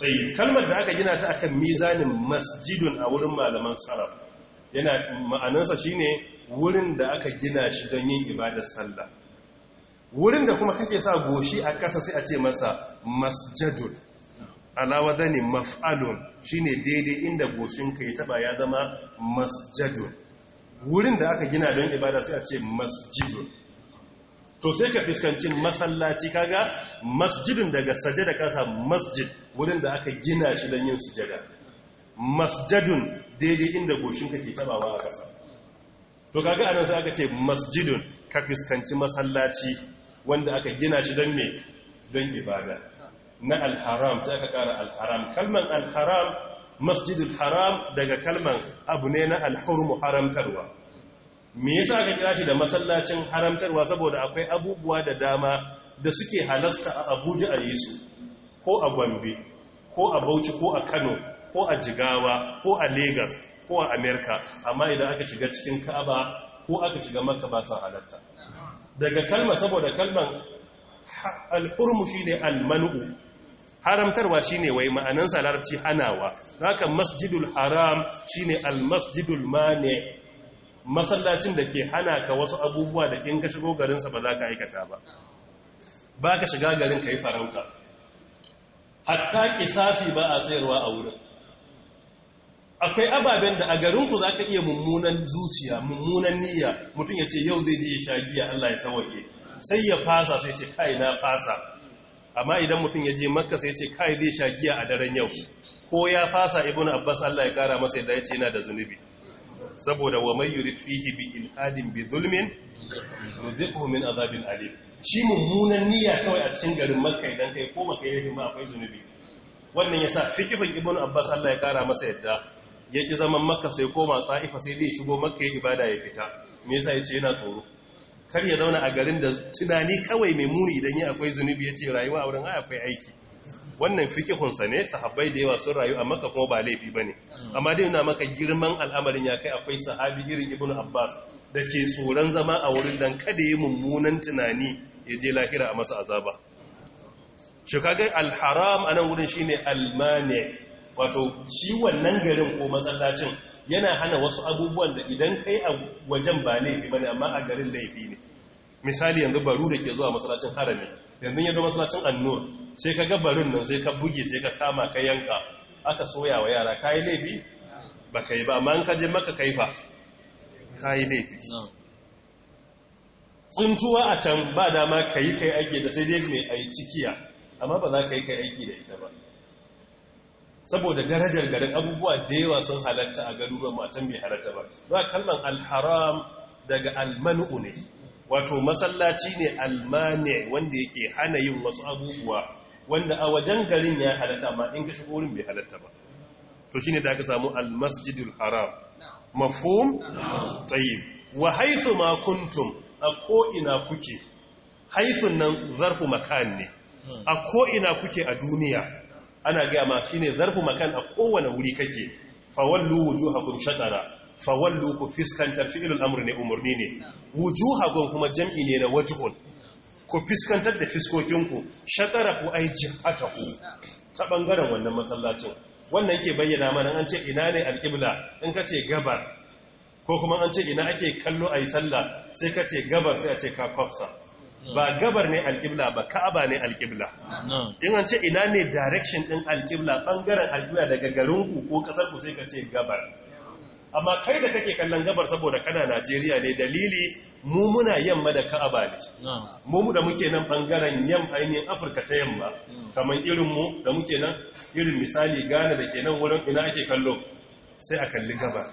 S1: tayyib kalmar da aka gina ta akan mizanin masjidun a wurin malaman sarraf yana ma'anarsa shine wurin da aka gina shi don yin ibadar sallah wurin da kuma kake sa goshi a ƙasa sai a ce masa masjadun alawada ne maf'alun shine daidai inda goshin ka ya taba ya zama masjadun wurin da aka gina don ibada sai a ce masjidun to sai ka fuskanci masallaci kaga masjidun daga saje da kasa masjid wurin da aka gina shi don yin sujada masjadun daidai inda goshinka ke tabawa a kasa to kaga anan sai aka ce masjidun ka fuskanci masallaci wanda aka gina shi don me don ibada na alharam sai aka kara alharam kalman alharam masjidul haram daga kalman abu ne na alhurmu haramtarwa me yasa aka kira shi da masallacin haramtarwa saboda akwai abubuwa da dama da suke halasta a abuja a Yesu ko a gombe ko a bauchi ko a kano ko a jigawa ko a Legas, ko a Amurka amma idan aka shiga cikin ka'aba ko aka shiga maka ba sa halatta daga kalma saboda kalman al'urmu shi ne haramtarwa shine ne wai ma’anan salarci hanawa haka masjidul haram shine ne almasjidul mane masallacin da ke hana ka wasu abubuwa da in ka shigo garinsa ba za ka aikata ba ba ka shiga garin ka yi farauta hatta kisasi ba a tsayarwa a wurin akwai ababen da a garinku za ka iya mummunan zuciya mummunan niyya mutum ya ce yau zai je sha giya Allah ya sawake sai ya fasa sai ce kai na fasa amma idan mutum ya je makka sai ce kai zai sha giya a daren yau ko ya fasa ibnu abbas Allah ya kara masa yadda ya ce yana da zunubi saboda wa mai yurid fihi bi ilhadin bi zulmin ruzqhu min azabin alim shi mummunan niyya kawai a cikin garin makka idan kai ko maka yi ma akwai zunubi wannan yasa fikifin ibnu abbas Allah ya kara masa yadda ya ki zaman maka sai koma ta'ifa sai dai shigo maka ya ibada ya fita me yasa ce yana tsoro kar ya zauna a garin da tunani kawai mai muni idan ya akwai zunubi ya ce rayuwa a wurin akwai aiki wannan fikihunsa ne sahabbai da yawa sun rayu a maka kuma ba laifi ba ne amma dai yana maka girman al'amarin ya kai akwai sahabi irin ibn abbas da ke tsoron zama a wurin dan kada yi mummunan tunani ya je lahira a masa azaba shi kaga alharam a nan wurin shine almane wato shi wannan garin ko matsalacin yana hana wasu abubuwan da idan kai a wajen ba laifi bane amma a garin laifi ne misali yanzu baru da ke zuwa matsalacin harami yanzu yanzu matsalacin masallacin annur sai ka ga barin nan sai ka buge sai ka kama ka yanka aka soya wa yara kayi laifi ba ka yi ba amma ka je maka kaifa kayi laifi tsuntuwa a can ba dama ka yi kai aiki da sai dai mai aiki cikiya amma ba za ka yi kai aiki da ita ba saboda darajar garin abubuwa da yawa sun halatta a garuruwan matan bai halatta ba ba kalman alharam daga almanu ne wato masallaci ne almane wanda yake hana yin wasu abubuwa wanda a wajen garin ya halatta ma in ka shigo wurin bai halatta ba to shine da aka samu almasjidul haram mafhum tayyib wa haythu ma kuntum a ko kuke haythun nan zarfu makan ne a ko'ina kuke a duniya ana gaya ma shine zarfu makan a kowane wuri kake fawallu wujuhakum shatara fawallu ku fiskantar fi'ilul amri ne umurni ne wujuhakum kuma jam'i ne na wajhun ku fiskantar da fiskokinku shatara ku ai jihataku ta bangaren wannan masallacin wannan ke bayyana mana an ce ina ne alƙibla in ka ce gabar ko kuma an ce ina ake kallo a sallah sai ka ce gabar sai a ce ka kwafsa ba gabar ne alƙibla ba ka'aba ne alƙibla in ce ina ne direction ɗin alƙibla ɓangaren alƙibla daga garinku ko ku sai ka ce gabar amma kai da kake kallon gabar saboda kana najeriya ne dalili mu muna yamma da ka'aba ne mu da muke nan ɓangaren yam ainihin afirka ta yamma mm. kamar irinmu da muke nan irin misali ghana da ke nan wurin ina ake kallo sai a kalli gabar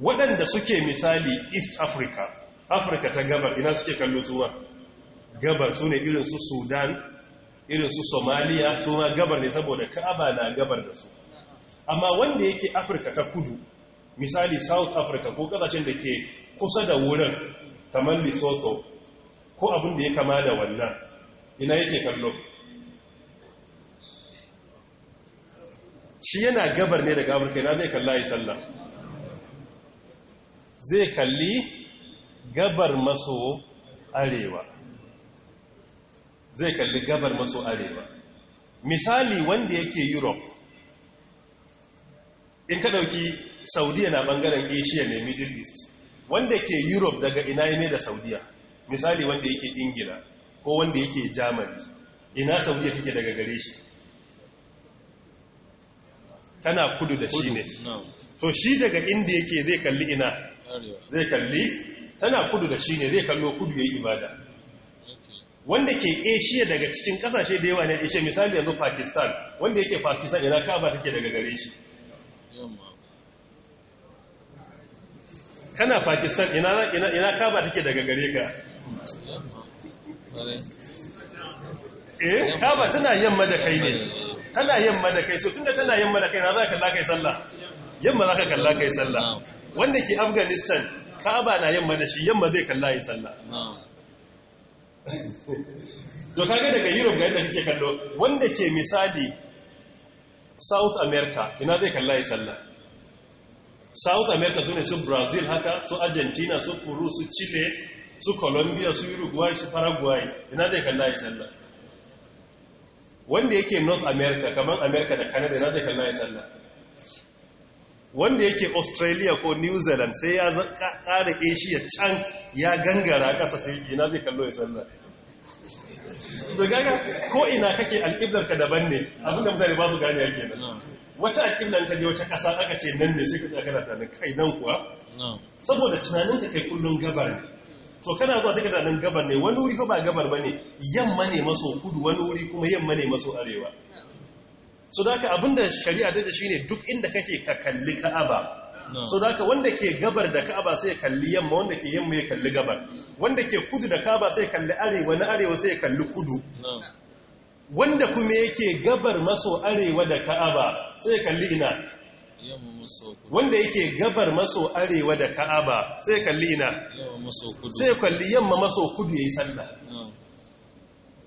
S1: waɗanda suke misali east africa afirka ta gabar ina suke kallo suwa gabar su ne irin su sudan irin su somaliya su ma gabar ne saboda ka'aba na gabar da su amma wanda yake afirka ta kudu misali south africa ko kasashen da ke kusa da wurin kamar lesotho ko abin da ya kama da wannan ina yake kallo shi yana gabar ne daga afirka ina zai kalla ya sallah zai kalli gabar maso arewa zai kalli gabar maso arewa misali wanda yake europe in ka ɗauki saudiya na ɓangaren asia ne middle east wanda ke europe daga ina ne da saudiya misali wanda yake ingila ko wanda yake germany ina saudiya take daga gare shi tana kudu da shi ne to shi daga inda yake zai kalli ina zai kalli tana kudu da shi ne zai kallo kudu ya yi ibada wanda ke asia daga cikin kasashe da yawa ne asia misali yanzu pakistan wanda yake pakistan ina kaba take daga gare shi kana pakistan ina kaba take daga gare ka eh kaba tana yamma da kai ne tana yamma da kai so tunda tana yamma da kai na za ka kalla kai sallah yamma za ka kalla kai sallah wanda ke afghanistan kaba na yamma da shi yamma zai kalla yi sallah to kaga daga europe ga yadda kake kallo wanda ke misali south america ina zai kalla yi sallah south america sune su brazil haka su argentina su peru su chile su colombia su uruguay su paraguay ina zai kalla yi sallah wanda yake north america kamar america da canada ina zai kalla yi sallah wanda yake australia ko new zealand sai ya kare asia can ya gangara kasa sai ina zai kallo ya sallar. ko ina kake alƙiblar ka daban ne abinda mutane ba su gane yake nan wata alƙiblar ka wata ƙasa aka ce nan ne sai ka tsaka ta tanin kai nan kuwa saboda tunanin ka kai kullum gabar to kana zuwa sai ka tanin gabar ne wani wuri ko ba gabar ba ne yamma ne maso kudu wani wuri kuma yamma ne maso arewa so da haka abinda shari'a da ne duk inda kake ka kalli ka'aba so da haka wanda ke gabar da ka'aba sai kalli yamma wanda ke yamma ya kalli gabar wanda ke kudu da ka'aba sai kalli arewa na arewa sai kalli kudu wanda kuma yake gabar maso arewa da ka'aba sai kalli ina wanda yake gabar maso arewa da ka'aba sai kalli ina
S2: sai kalli yamma
S1: maso kudu yayi sallah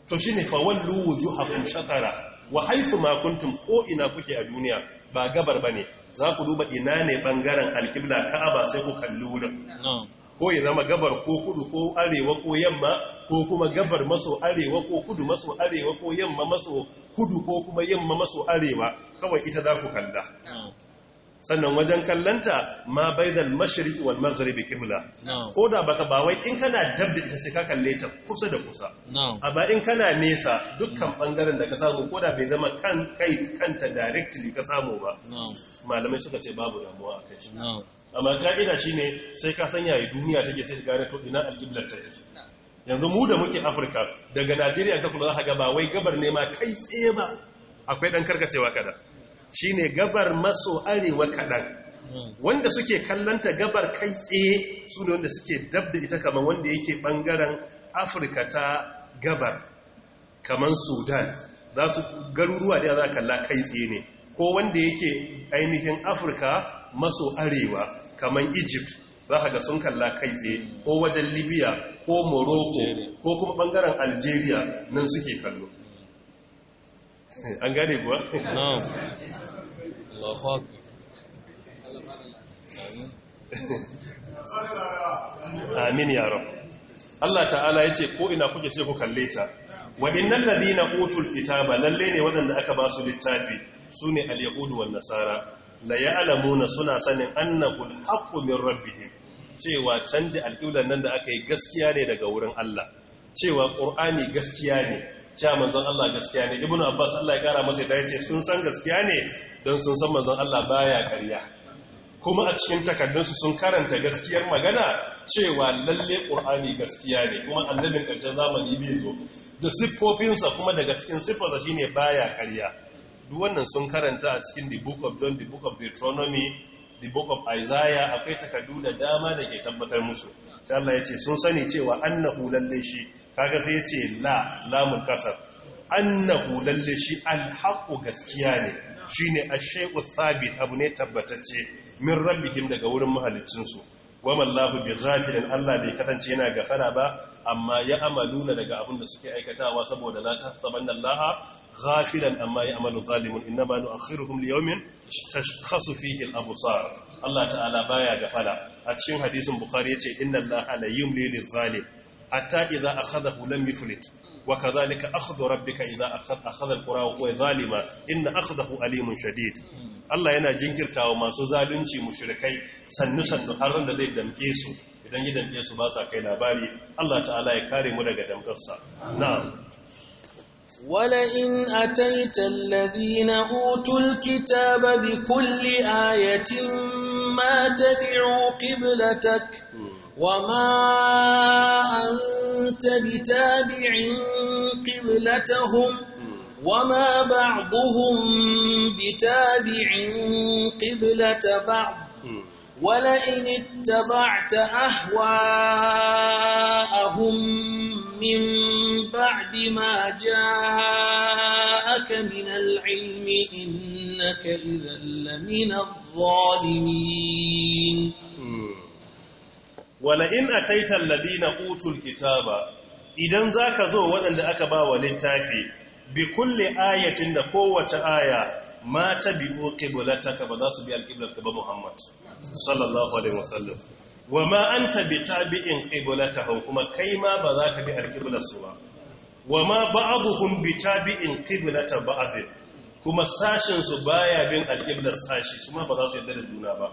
S1: to shine fawallu wujuhakum shatara wa haifu makuntum ko ina kuke a duniya ba gabar ba ne za ku duba ina ne bangaren alkibla ka'aba sai ku kalli wurin ko ina zama gabar ko kudu ko arewa ko yamma ko kuma gabar maso arewa ko kudu maso arewa ko yamma maso kudu ko kuma yamma maso arewa kawai ita za ku kalla sannan wajen kallanta ma bai da mashirik wal maghribi kibla ko da baka ba wai in kana dab da ita sai ka kalle ta kusa da kusa amma in kana nesa dukkan bangaren da ka samu ko da bai zama kan kai kanta directly ka samu ba malamai suka ce babu damuwa a shi amma ka'ida shine sai ka sanya yi duniya take sai ka gane to ina alqiblar ta yake yanzu mu da muke Afirka daga Najeriya ka kula za ka ga ba wai gabar ne ma kai tsaye ba akwai ɗan karkacewa kada Shi ne gabar maso arewa kaɗan wanda suke kallanta gabar kai tsaye su ne wanda suke dabda ita kamar wanda yake ɓangaren afirka ta gabar kamar sudan za su garuruwa da za kalla kai tsaye ne ko wanda yake ainihin afirka maso arewa kamar egypt za ka ga sun kalla kai tsaye ko wajen libya ko morocco ko kuma ɓangaren algeria nan suke kallo an gane kuwa? na'am Allah amin ya rabu. Allah ta'ala ya ce ko ina kuke sai ku kalle ta wa innal ladina utul kitaba lalle ne wadanda aka ba su littafi sune al-yahudu wan nasara la ya'lamuna suna sanin annahu al-haqqu min rabbihim cewa canji alƙiblar nan da aka yi gaskiya ne daga wurin Allah cewa ƙur'ani gaskiya ne cewa manzon Allah gaskiya ne ibnu abbas Allah ya kara masa da yace sun san gaskiya ne don sun san manzon Allah baya ƙarya kuma a cikin su sun karanta gaskiyar magana cewa lalle qur'ani gaskiya ne kuma annabin ƙarshen zamani zai zo da siffofinsa kuma daga cikin shi shine baya ƙarya duk wannan sun karanta a cikin the book of John the book of Deuteronomy the book of Isaiah akwai takardu da dama da ke tabbatar musu sai Allah ya ce sun sani cewa annahu lalle shi kaga sai ya ce la lamun kasar annahu lalle shi alhaqu gaskiya ne shine ash-shay'u thabit abu ne tabbatacce min rabbihim daga wurin mahalicin su wama Allahu bi ghafirin Allah bai kasance yana gafara ba amma ya amaluna daga abin da suke aikatawa saboda la laha Allah ghafiran amma ya amalu zalimun nu nu'akhiruhum li yawmin tashkhasu fihi al-absar Allah ta'ala baya gafala a cikin hadisin bukhari yace inna allaha la yumli lil zalim hatta idza akhadahu lam yuflit wa kadhalika akhdhu rabbika idza akhadha al wa zalima inna akhdahu alimun shadid Allah yana jinkirtawa masu zalunci mushrikai sannu sannu har da zai damke su idan ya damke su ba sa kai labari Allah ta'ala ya kare mu daga damkarsa
S3: na'am ولئن أتيت الذين أوتوا الكتاب بكل آية ما تدعو قبلتك وما أنت بتابع قبلتهم وما بعضهم بتابع قبلة بعض ولئن اتبعت أهواءهم من بعد ما جاءك من العلم إن إنك إذا لمن
S1: الظالمين hmm. ولئن أتيت الذين أوتوا الكتاب idan za ka zo waɗanda aka ba wa littafi bi kulle ayatin da kowace aya ma ta biyo ƙiblataka ba za su bi alƙiblatka ba muhammad sallallahu alaihi wasallam wa ma an tabi tabi'in ƙiblatahu kuma kai ma ba za ka bi su ba wa ma ba'aduhum bi tabi'in qiblata kuma sashen su baya bin alƙiblar sashi su ma ba za su yadda da juna ba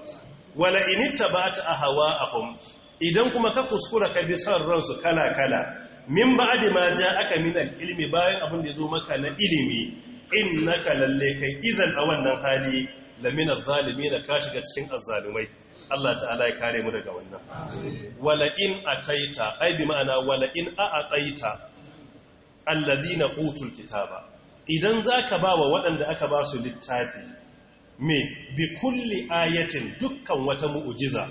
S1: wala inita ba ta a hawa a idan kuma ka kuskura ka bi son ransu kala-kala min ba ma ja aka min al'ilmi, bayan abin da ya zo maka na ilimi in na lalle kai izan a wannan hali lamina zalimi na ka shiga cikin azzalumai Allah ta'ala ya kare mu daga wannan wala in ataita ai bi ma'ana wala in a ataita alladhina utul kitaba idan za ka ba wa waɗanda aka ba su littafi me bi kulli ayatin dukkan wata mu'ujiza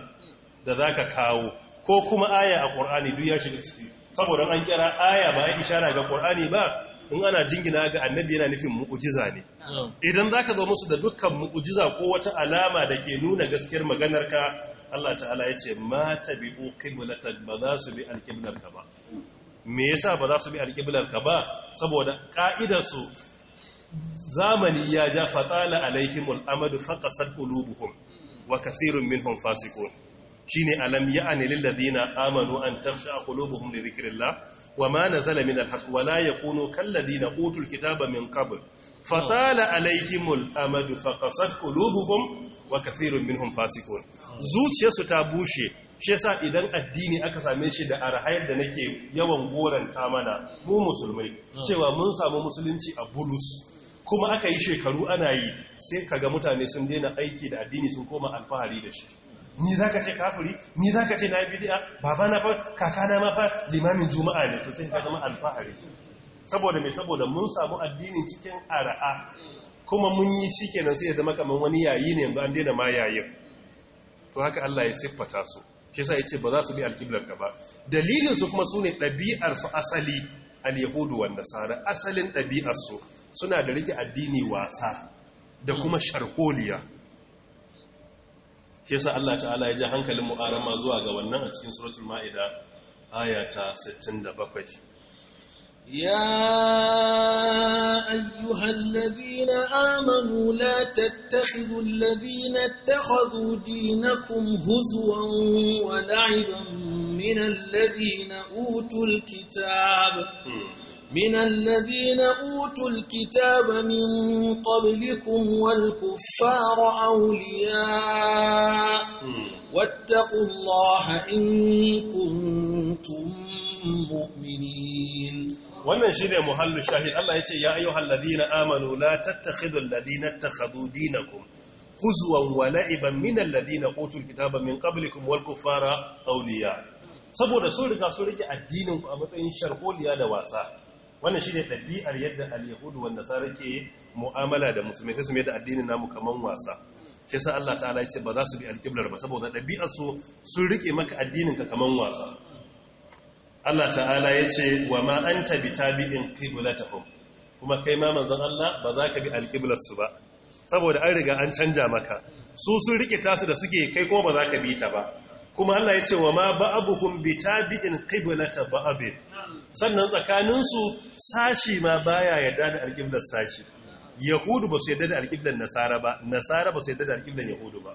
S1: da za ka kawo ko kuma aya a ƙor'ani duk ya shiga ciki saboda an kira aya ba ya ishara ga ƙor'ani ba in ana jingina ga annabi yana nufin mu'ujiza ne idan za ka zo musu da dukkan mu'ujiza ko wata alama da ke nuna gaskiyar maganarka Allah ta'ala ya ce mata bi uqiblatak ba za su bi alqiblarka ba me yasa ba za su bi alqiblarka ba saboda ka'idarsu zamani ya ja fatala alaihimul amadu faƙasar ƙulubuhun wa minhun minhum shi shine alam ya'ni lil zina amanu an takhsha qulubuhum li dhikrillah wa ma na zalamin Alhaskwala, ya kuno la ƙutul utul kitaba min Fatsala fatala alaihimul amadu faƙasar ƙulubuhun wa kasirun minhum fasiqun zuciyarsu ta bushe shi yasa idan addini aka same shi da arhayar da nake yawan goranta mana mu musulmai mm. cewa mun samu musulunci a bulus kuma aka yi shekaru ana yi sai kaga mutane sun daina aiki da addini sun koma alfahari da shi ni za ka ce kafiri ni za ka ce na bidiya baba na fa kakana ma fa limamin juma'a ne to sai ka zama alfahari saboda mai saboda mun samu addini cikin ara'a kuma mun yi shi kenan sai ya zama kamar wani yayi ne yanzu an daina ma yayin to haka Allah ya siffata su shi ya ce ba za su bi alkiblar ka ba dalilin su kuma sune ɗabi'ar su asali al-yahudu wan nasara asalin ɗabi'ar su suna da rike addini wasa da kuma sharholiya Ke sa Allah ta'ala ya ji hankalin mu'arama zuwa ga wannan a cikin suratul ma'ida ayata 67
S3: يا ايها الذين امنوا لا تتخذوا الذين اتخذوا دينكم هزوا ولعبا من الذين اوتوا الكتاب من الذين أوتوا الكتاب من قبلكم والكفار أولياء hmm. واتقوا الله إن كنتم مؤمنين
S1: wannan shi ne muhallu shahid Allah ya ce ya ayyuhal ladina amanu la tattakhidul ladina takhadu dinakum huzwan wa la'iban min alladina utul kitaba min qablikum wal kuffara awliya saboda sun riga sun rike addinin ku a matsayin sharholiya da wasa wannan shi ne ɗabi'ar yadda al-yahudu wanda nasara ke mu'amala da musulmi sai su mai da addinin namu kaman wasa sai sa Allah ta'ala ya ce ba za su bi alƙiblar ba saboda ɗabi'ar su sun rike maka addinin ka kaman wasa Allah ta'ala ya ce wa ma anta tabi'in qiblatahum kuma kai ma manzon Allah ba za ka bi alƙiblar su ba saboda an riga an canja maka su sun rike tasu da suke kai kuma ba za ka bi ta ba kuma Allah ya ce wa ma ba ba'abuhum bi tabi'in ba'abin sannan tsakaninsu sashi ma baya yarda da alƙiblar sashi yahudu ba su yarda da alƙiblar nasara ba nasara ba su yarda da alƙiblar yahudu ba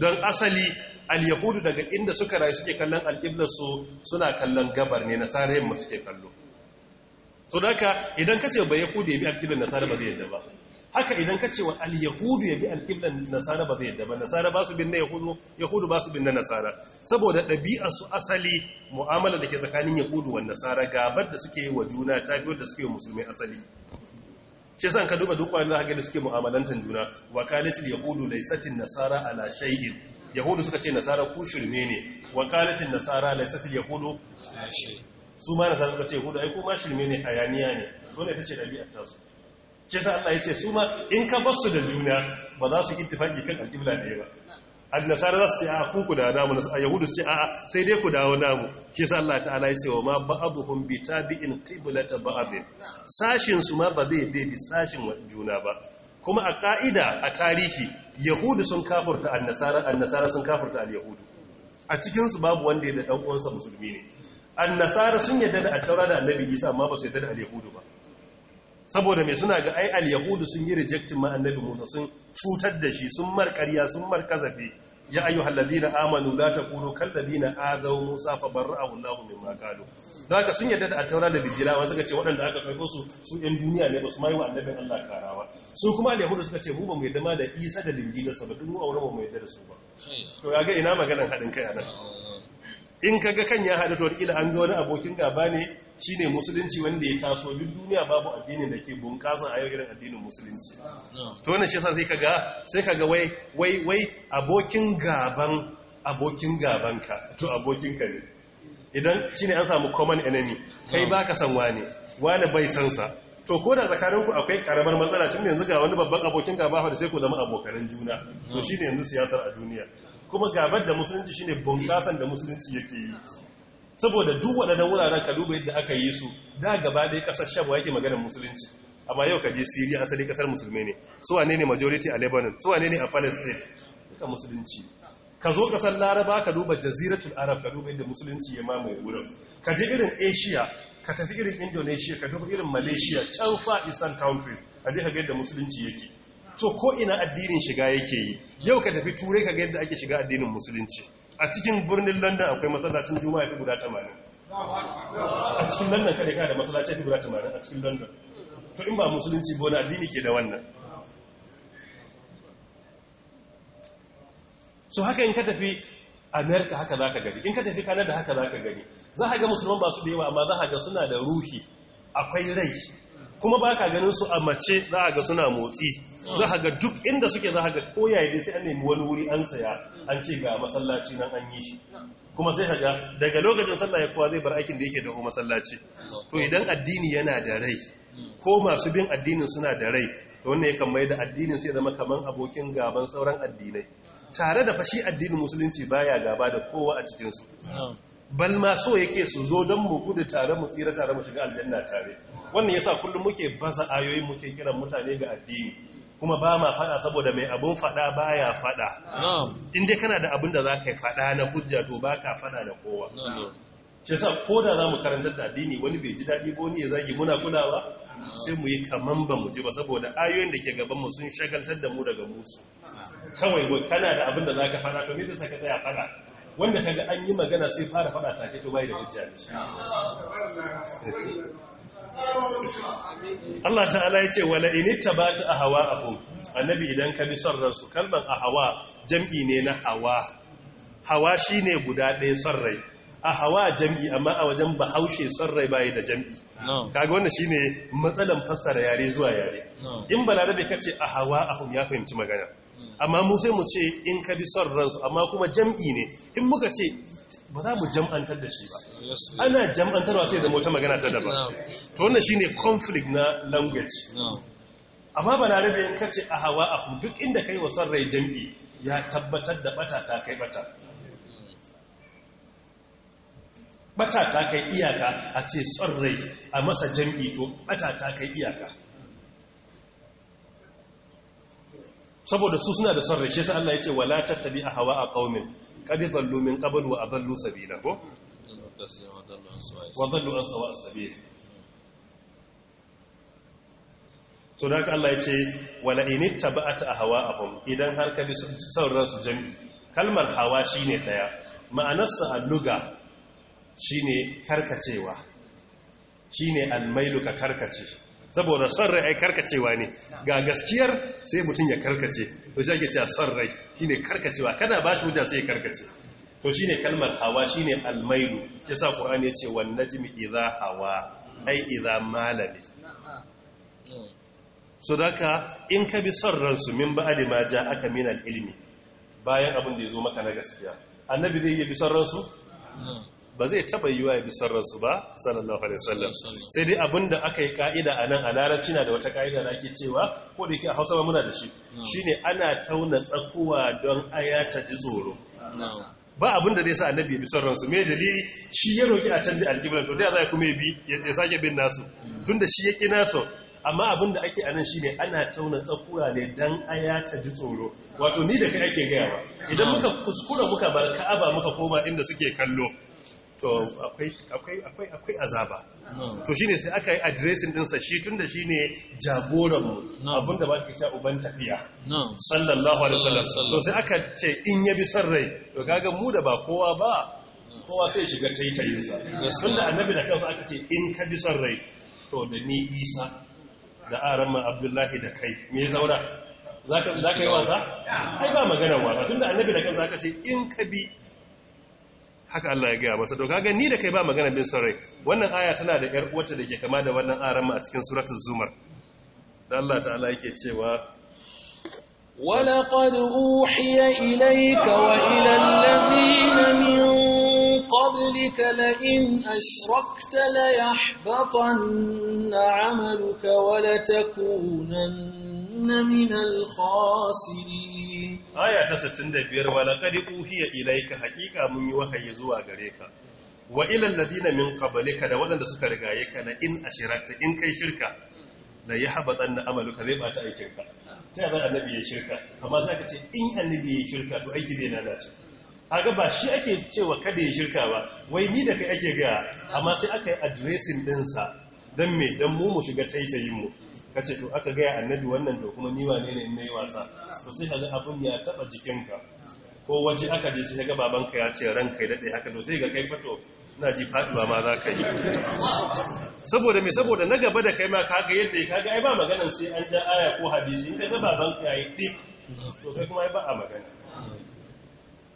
S1: don asali AlYahudu daga inda suka rayu suke kallon alƙiblar su suna kallon gabar ne nasara yamma suke kallo so daga idan ka ce ba yahudu ya bi alƙiblar nasara ba zai yarda ba haka idan ka ce wa al-yahudu ya bi al kiblan nasara ba zai yadda ba nasara ba su bin na yahudu yahudu ba su bin na nasara saboda ɗabi'ar su asali mu'amala da ke tsakanin yahudu wa nasara gabar da suke yi wa juna ta biyar da suke yi musulmi asali ce san ka duba duk wani zaka da suke mu'amalantan juna wa kalitin yahudu laysatin nasara ala shay'in yahudu suka ce nasara ku shirme ne wa kalitin nasara laysatil yahudu ala shay'in su ma nasara suka ce yahudu ai kuma ma shirme ne hayaniya ne to ne ce ɗabi'ar tasu ce sa Allah ya ce su ma in ka basu da juna ba za su ittifaki kan alƙibla ɗaya ba nasara za su ce a ku ku da namu a yahudu su ce a sai dai ku dawo namu ce sa Allah ta'ala ya ce wa ma kun bi in tabi'in qiblata ba'dhin sashin su ma ba zai bi sashin juna ba kuma a ka'ida a tarihi yahudu sun kafurta an nasara sun kafurta al-yahudu a cikin su babu wanda ya da ɗan uwansa musulmi ne nasara sun yadda da attaura da annabi Isa amma ba su yadda da al-yahudu ba saboda mai suna ga ai al-yahudu sun yi rejectin ma annabi Musa sun cutar da shi sun markariya sun markazafe ya ayu na amanu la takunu kalladina adaw Musa fa barra'ahu Allahu mimma qalu daga sun yadda da at da bijila wa suka ce waɗanda aka kai su su ɗan duniya ne ba su mai wa annabin Allah karawa su kuma al'yahudu yahudu suka ce mu ba mu yadda ma da Isa da linjila ba duk mu aure ba mu yadda da su ba to ya ga ina maganar haɗin kai anan in kaga kan ya hada to ila an ga wani abokin gaba ne Shi ne musulunci wanda ya taso duk duniya babu addinin da ke bunkasa a yau irin addinin musulunci to wani shi sai kaga sai kaga wai wai wai abokin gaban abokin gabanka to abokinka ne idan shi ne an samu common enemy kai ba ka san wane wane bai san sa to ko da tsakaninku akwai karamar matsala tun yanzu ga wani babban abokin gaba da sai ku zama abokanan juna to shi ne yanzu siyasar a duniya kuma gabar da musulunci shine bunkasan da musulunci yake yi saboda duk waɗannan wuraren ka duba yadda aka yi su da gaba ɗaya ƙasar shabuwa yake maganar musulunci amma yau ka je siriya asali ƙasar musulmi ne su wane ne majority a lebanon su wane ne a palestine duka musulunci ka zo ƙasar laraba ka duba jaziratul arab ka duba yadda musulunci ya mamaye wurin ka je irin asia ka tafi irin indonesia ka duba irin malaysia can fa eastern countries a je ka ga yadda musulunci yake To ko ina addinin shiga yake yi yau ka tafi turai ka ga yadda ake shiga addinin musulunci a cikin birnin london akwai masallacin juma'a fi guda 80 a cikin london kare kada da masallacin fi guda 80 a cikin london to in ba musulunci ba addini ke da wannan so haka in ka tafi america haka za ka gani in ka tafi kanada haka za ka gani za ka ga musulman ba su da yawa amma za ka ga suna da ruhi akwai rai kuma ba ka ganin su a mace za a ga suna motsi za a ga duk inda suke za a ga koyaye dai sai an nemi wani wuri an saya an ce ga masallaci nan an yi shi kuma sai haga daga lokacin sallah ya kowa zai bar aikin da yake dawo masallaci to idan addini yana da rai ko masu bin addinin suna da rai to wannan ya mai da addinin sai zama kaman abokin gaban sauran addinai tare da fashi addinin musulunci baya gaba da kowa a cikinsu bal ma so yake su zo don mu gudu tare mu tsira tare mu shiga aljanna tare wannan yasa kullum muke baza ayoyi muke kiran mutane ga addini kuma ba ma fada saboda mai abun fada baya fada in dai kana da abun da zaka fada na hujja to baka fada da kowa shi yasa ko da zamu karantar da addini wani bai ji dadi ba wani ya zagi muna kulawa sai mu yi kaman ba mu ji ba saboda ayoyin da ke gaban mu sun shagaltar da mu daga musu kawai kana da abin da zaka fada to me zai saka tsaya fada wanda kaga an yi magana sai fara fada take to bai da hujja ne Allah ta'ala ya ce wala inittabata ahwa'akum annabi idan ka bi son ransu kalman ahwa jam'i ne na hawa hawa shine guda ɗaya son rai a jam'i amma a wajen bahaushe son rai bayi da jam'i kaga wannan shine matsalan fassara yare zuwa yare in balarabe kace a hawa ahum ya fahimci magana amma mu sai mu ce in ka bi son ransu amma kuma jam'i ne in muka ce ba za mu jam'antar da shi
S2: ba ana jam'antarwa sai da mota
S1: magana ta daba to wannan shine conflict na language amma ba na rabe in ka ce a hawa a duk inda kai wasan rai jam'i ya tabbatar da bata ta kai bata bata kai iyaka a ce son rai a masa jam'i to bata ta kai iyaka saboda su suna da son rai sai Allah ya ce wala tattabi a hawa a qaumin qad dallu min qabl wa adallu sabila ko
S2: wa dallu an sawa
S1: as-sabil so da haka Allah ya ce wala in a ahwa'ahum idan har ka bi son ransu jami kalmar hawa shine daya ma'anarsa alluga shine karkacewa shine almailu ka karkace saboda son rai ai karkacewa ne ga gaskiyar sai mutum ya karkace to shi ake cewa son rai shine karkacewa Kada ba shi hujja sai ya karkace to shine kalmar hawa shine almailu shi sa qur'ani ya ce wan najmi idha hawa ai idha malami. so daka in ka bi son ransu min ba'di ma ja aka min ilimi bayan abin da yazo maka na gaskiya annabi zai yi bi son ransu ba zai taba yiwa ya bi son ransu ba sallallahu alaihi wasallam sai dai abinda aka yi ka'ida a nan a larabci na da wata ka'ida da ake cewa ko da yake a Hausa ba muna da shi shine ana tauna tsakuwa don aya ta ji tsoro ba abin da zai sa annabi bi son Me mai dalili shi ya roki a canji alƙibla to za kuma ya bi ya sake bin nasu mm. tunda shi ya ƙi so. amma abin da ake anan shine ana tauna tsakura ne dan aya ta ji tsoro wato ni da kai ake gaya ba idan muka kuskura muka bar ka'aba muka koma inda suke kallo to akwai azaba to shine sai aka yi adiresin dinsa shi tun da shi ne jagoranmu abinda ba ke sha uban tafiya
S2: sallallahu alaihi wasallam to sai
S1: aka ce in ya bi son rai to kaga mu da ba kowa ba kowa sai shiga sa. tun da annabi da kansa aka ce in ka bi son rai to da ni isa da aramma abdullahi da kai me zaura za ka yi wasa? ai ba maganar wasa tun da annabi da kansa aka ce in ka bi haka Allah ya gaya masa to kaga ni da kai ba magana bin sarai wannan aya tana da yar da ke kama da wannan aran mu a cikin suratul zumar da Allah ta'ala yake cewa
S3: walaqad uhiya ilayka wa ila alladhina min qablika la in ashrakta la yahbatanna 'amaluka wa la takunanna min al khasirin
S1: aya ta 65 wa laqad uhiya ilayka haqiqa mun yi wahayi zuwa gare ka wa ila alladhina min qablika da wadanda suka rigaye ka na in ashirata in kai shirka la yahbatan amaluka zai bata aikin ka sai yaba annabi ya shirka amma zaka ce in annabi ya shirka to aiki ne na ce aga ba shi ake cewa kada ya shirka ba wai ni da kai ake ga amma sai aka yi addressing din sa don me don mu mu shiga taitayin mu ka ce to aka gaya annabi wannan to kuma ni wane ne na yi wasa to sai hali abun ya taba jikinka ko waje aka je sai ga babanka ya ce ran kai daɗe haka to sai ga kai fato na ji faɗuwa ma za ka yi saboda me saboda na gaba da kai ma ka ga yadda ka ga, ai ba magana sai an ja aya ko hadisi in ga babanka ya yi dip to kai kuma ai ba a magana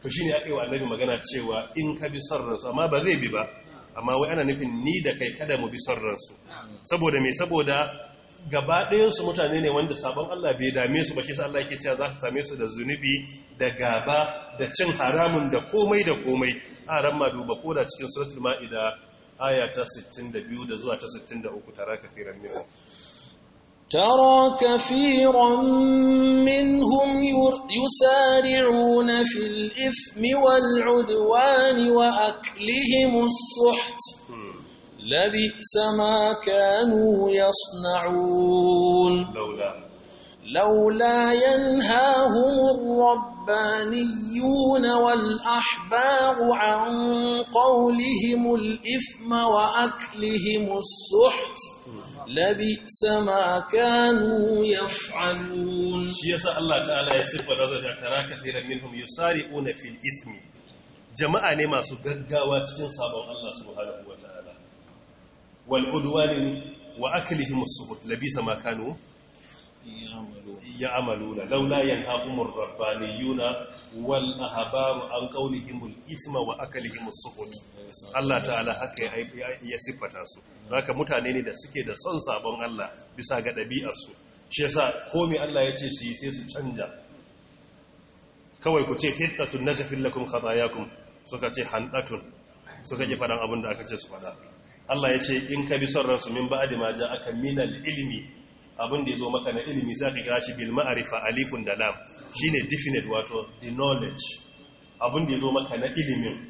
S1: to shine aka yi wa annabi magana cewa in ka bi son ransu amma ba zai bi ba amma wai ana nufin ni da kai kada mu bi son ransu saboda mai saboda gaba ɗayansu mutane ne wanda sabon Allah bai dame su ba shi sa Allah yake cewa za ka same su da zunubi da gaba da cin haramun da komai da komai a ran ma duba ko da cikin suratul ma'ida aya ta 62 da zuwa ta 63 tara kafiran mai
S3: ترى كثيرا منهم يسارعون في الإثم والعدوان وأكلهم السحت لبئس ما كانوا يصنعون لولا لولا ينهاهم الربانيون والأحباب عن قولهم الإثم وأكلهم السحت sama kanu ya يفعلون
S1: shi yasa Allah ta'ala ya siffata da tara kathiran minhum yusari'una fil ithmi jama'a ne masu gaggawa cikin sabon Allah subhanahu wa ta'ala wal udwani wa aklihim as-suhut labisa sama kanu Ya ya'maluna laula yanhaqumur rabbaniyuna wal ahbaru an qawlihimul isma wa akalihimus suhut Allah ta'ala haka ya siffata su haka mutane ne da suke da son sabon Allah bisa ga ɗabi'ar su shi yasa komai Allah ya ce su sai su canja kawai ku ce hittatun najafin lakum khatayakum suka ce handatun suka ji fadan abin da aka ce su fada Allah ya ce in ka bi son ransu min ba'di ma ja'aka minal ilmi abin da ya zo maka na ilimi za ka kira shi bil ma'arifa alifun da lam shi ne definite wato the knowledge abin da ya zo maka na ilimin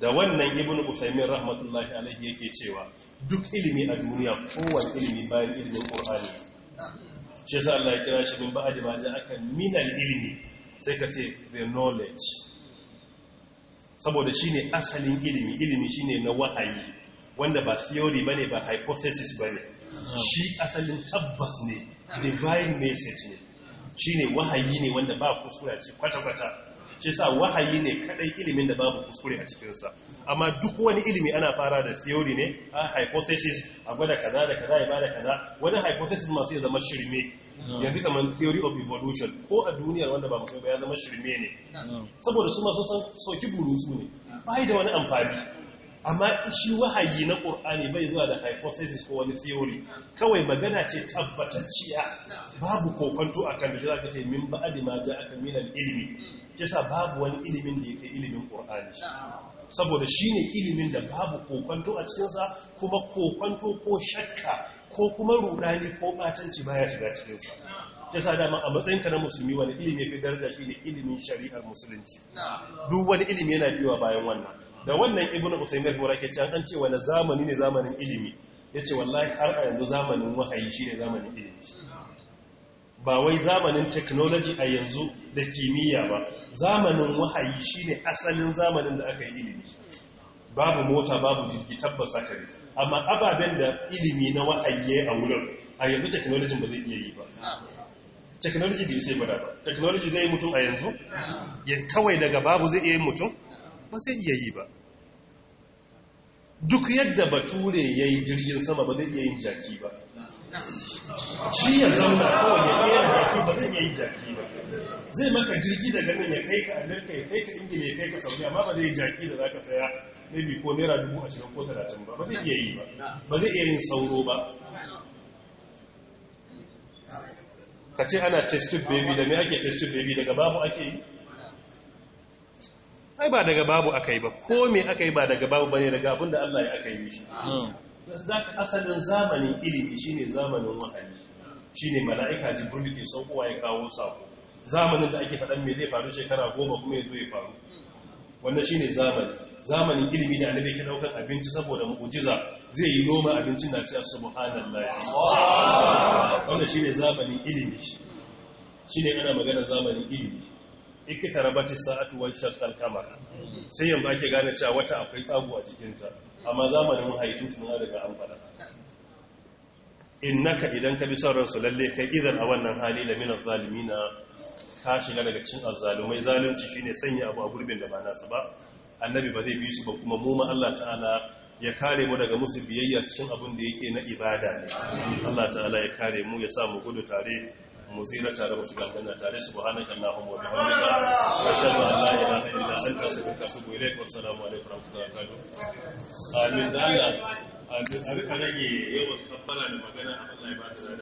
S1: da wannan ibn usaimin rahmatullahi alaihi yake cewa duk ilimi a duniya kowane ilimi bayan ilimin ƙorani shi sa Allah ya kira shi min ba'adi ma ja aka minal ilimi sai ka ce the knowledge saboda shine asalin ilimi ilimi shine na wahayi wanda ba theory bane ba hypothesis bane shi asalin tabbas ne divine message ne shine wahayi ne wanda ba kuskure a ce kwata-kwata shi sa wahayi ne kadai ilimin da babu kuskure a cikinsa amma duk wani ilimi ana fara da theory ne a hypothesis a gwada kaza da kaza ya bada kaza wani hypothesis masu ya zama shirme yanzu kamar theory of evolution ko a duniyar wanda ba musamman ya zama shirme ne saboda su masu buru burusu ne ba da wani amfani amma shi wahayi na ƙur'ani bai zuwa da hypothesis ko wani theory kawai magana ce tabbatacciya babu kokonto a kan da za ka ce min ba ma ja aka minal ilimi ke sa babu wani ilimin da ya kai ilimin ƙur'ani saboda shi ne ilimin da babu kokonto a cikinsa kuma kokonto ko shakka ko kuma rudani ko batanci baya shiga cikinsa ya sa dama a matsayinka na musulmi wani ilimi fi daraja shi ne ilimin shari'ar musulunci duk wani ilimi yana biyuwa bayan wannan da wannan ibn usaymin rahimahullah ke cewa an ce wani zamani ne zamanin ilimi Ya ce wallahi har a yanzu zamanin wahayi shine zamanin ilimi ba wai zamanin technology a yanzu da kimiyya ba zamanin wahayi shine asalin zamanin da aka yi ilimi babu mota babu jirgi tabbasa kare amma ababen da ilimi na wahayi a wurin a yanzu technology ba zai iya yi ba technology bai sai bada ba technology zai mutum a yanzu ya kawai daga babu zai iya mutum ba zai iya yi ba duk yadda bature ya yi jirgin sama ba zai iya yin jaki ba shi ya zauna kawai ya iya jaki ba zai iya yin jaki ba zai maka jirgi daga nan ya kai ka amerika ya kai ka ingila ya kai ka sauri amma ba zai yi jaki da za ka saya maybe ko naira dubu a shirin ko talatin ba ba zai iya yi ba ba zai iya yin sauro ba ka ce ana tested baby da me ake tested baby daga babu ake yi ai ba daga babu aka yi ba ko me aka yi ba daga babu bane daga abin da Allah ya aka yi shi za ka asalin zamanin ilimi ne zamanin wahayi ne mala'ika jibril ke saukowa ya kawo sako zamanin da ake faɗan me zai faru shekara goma kuma ya zo ya faru wannan shi ne zamani zamanin ilimi da annabi ke daukar abinci saboda mu'jiza zai yi noma abincin da ce subhanallahi wannan shi ne zamanin ilimi Shi ne ana magana zamanin ilimi ikitarabati sa'atu wal shaqqal kamar sai yanzu ake gane cewa wata akwai tsago a jikinta amma zamanin mu haitu tun daga an fada innaka idan ka bi son ransu lalle kai idan a wannan hali da min zalimina ka shiga daga cikin azzalumai zalunci shine sanya abu a gurbin da ba nasa ba annabi ba zai bi su ba kuma mu ma Allah ta'ala ya kare mu daga musu biyayya cikin abin da yake na ibada ne Allah ta'ala ya kare mu ya sa mu gudu tare musira tare musu gaganna tare subhanaka allahumma wa bihamdika ashhadu an la ilaha illa anta astaghfiruka wa dala a yawan da
S4: magana ba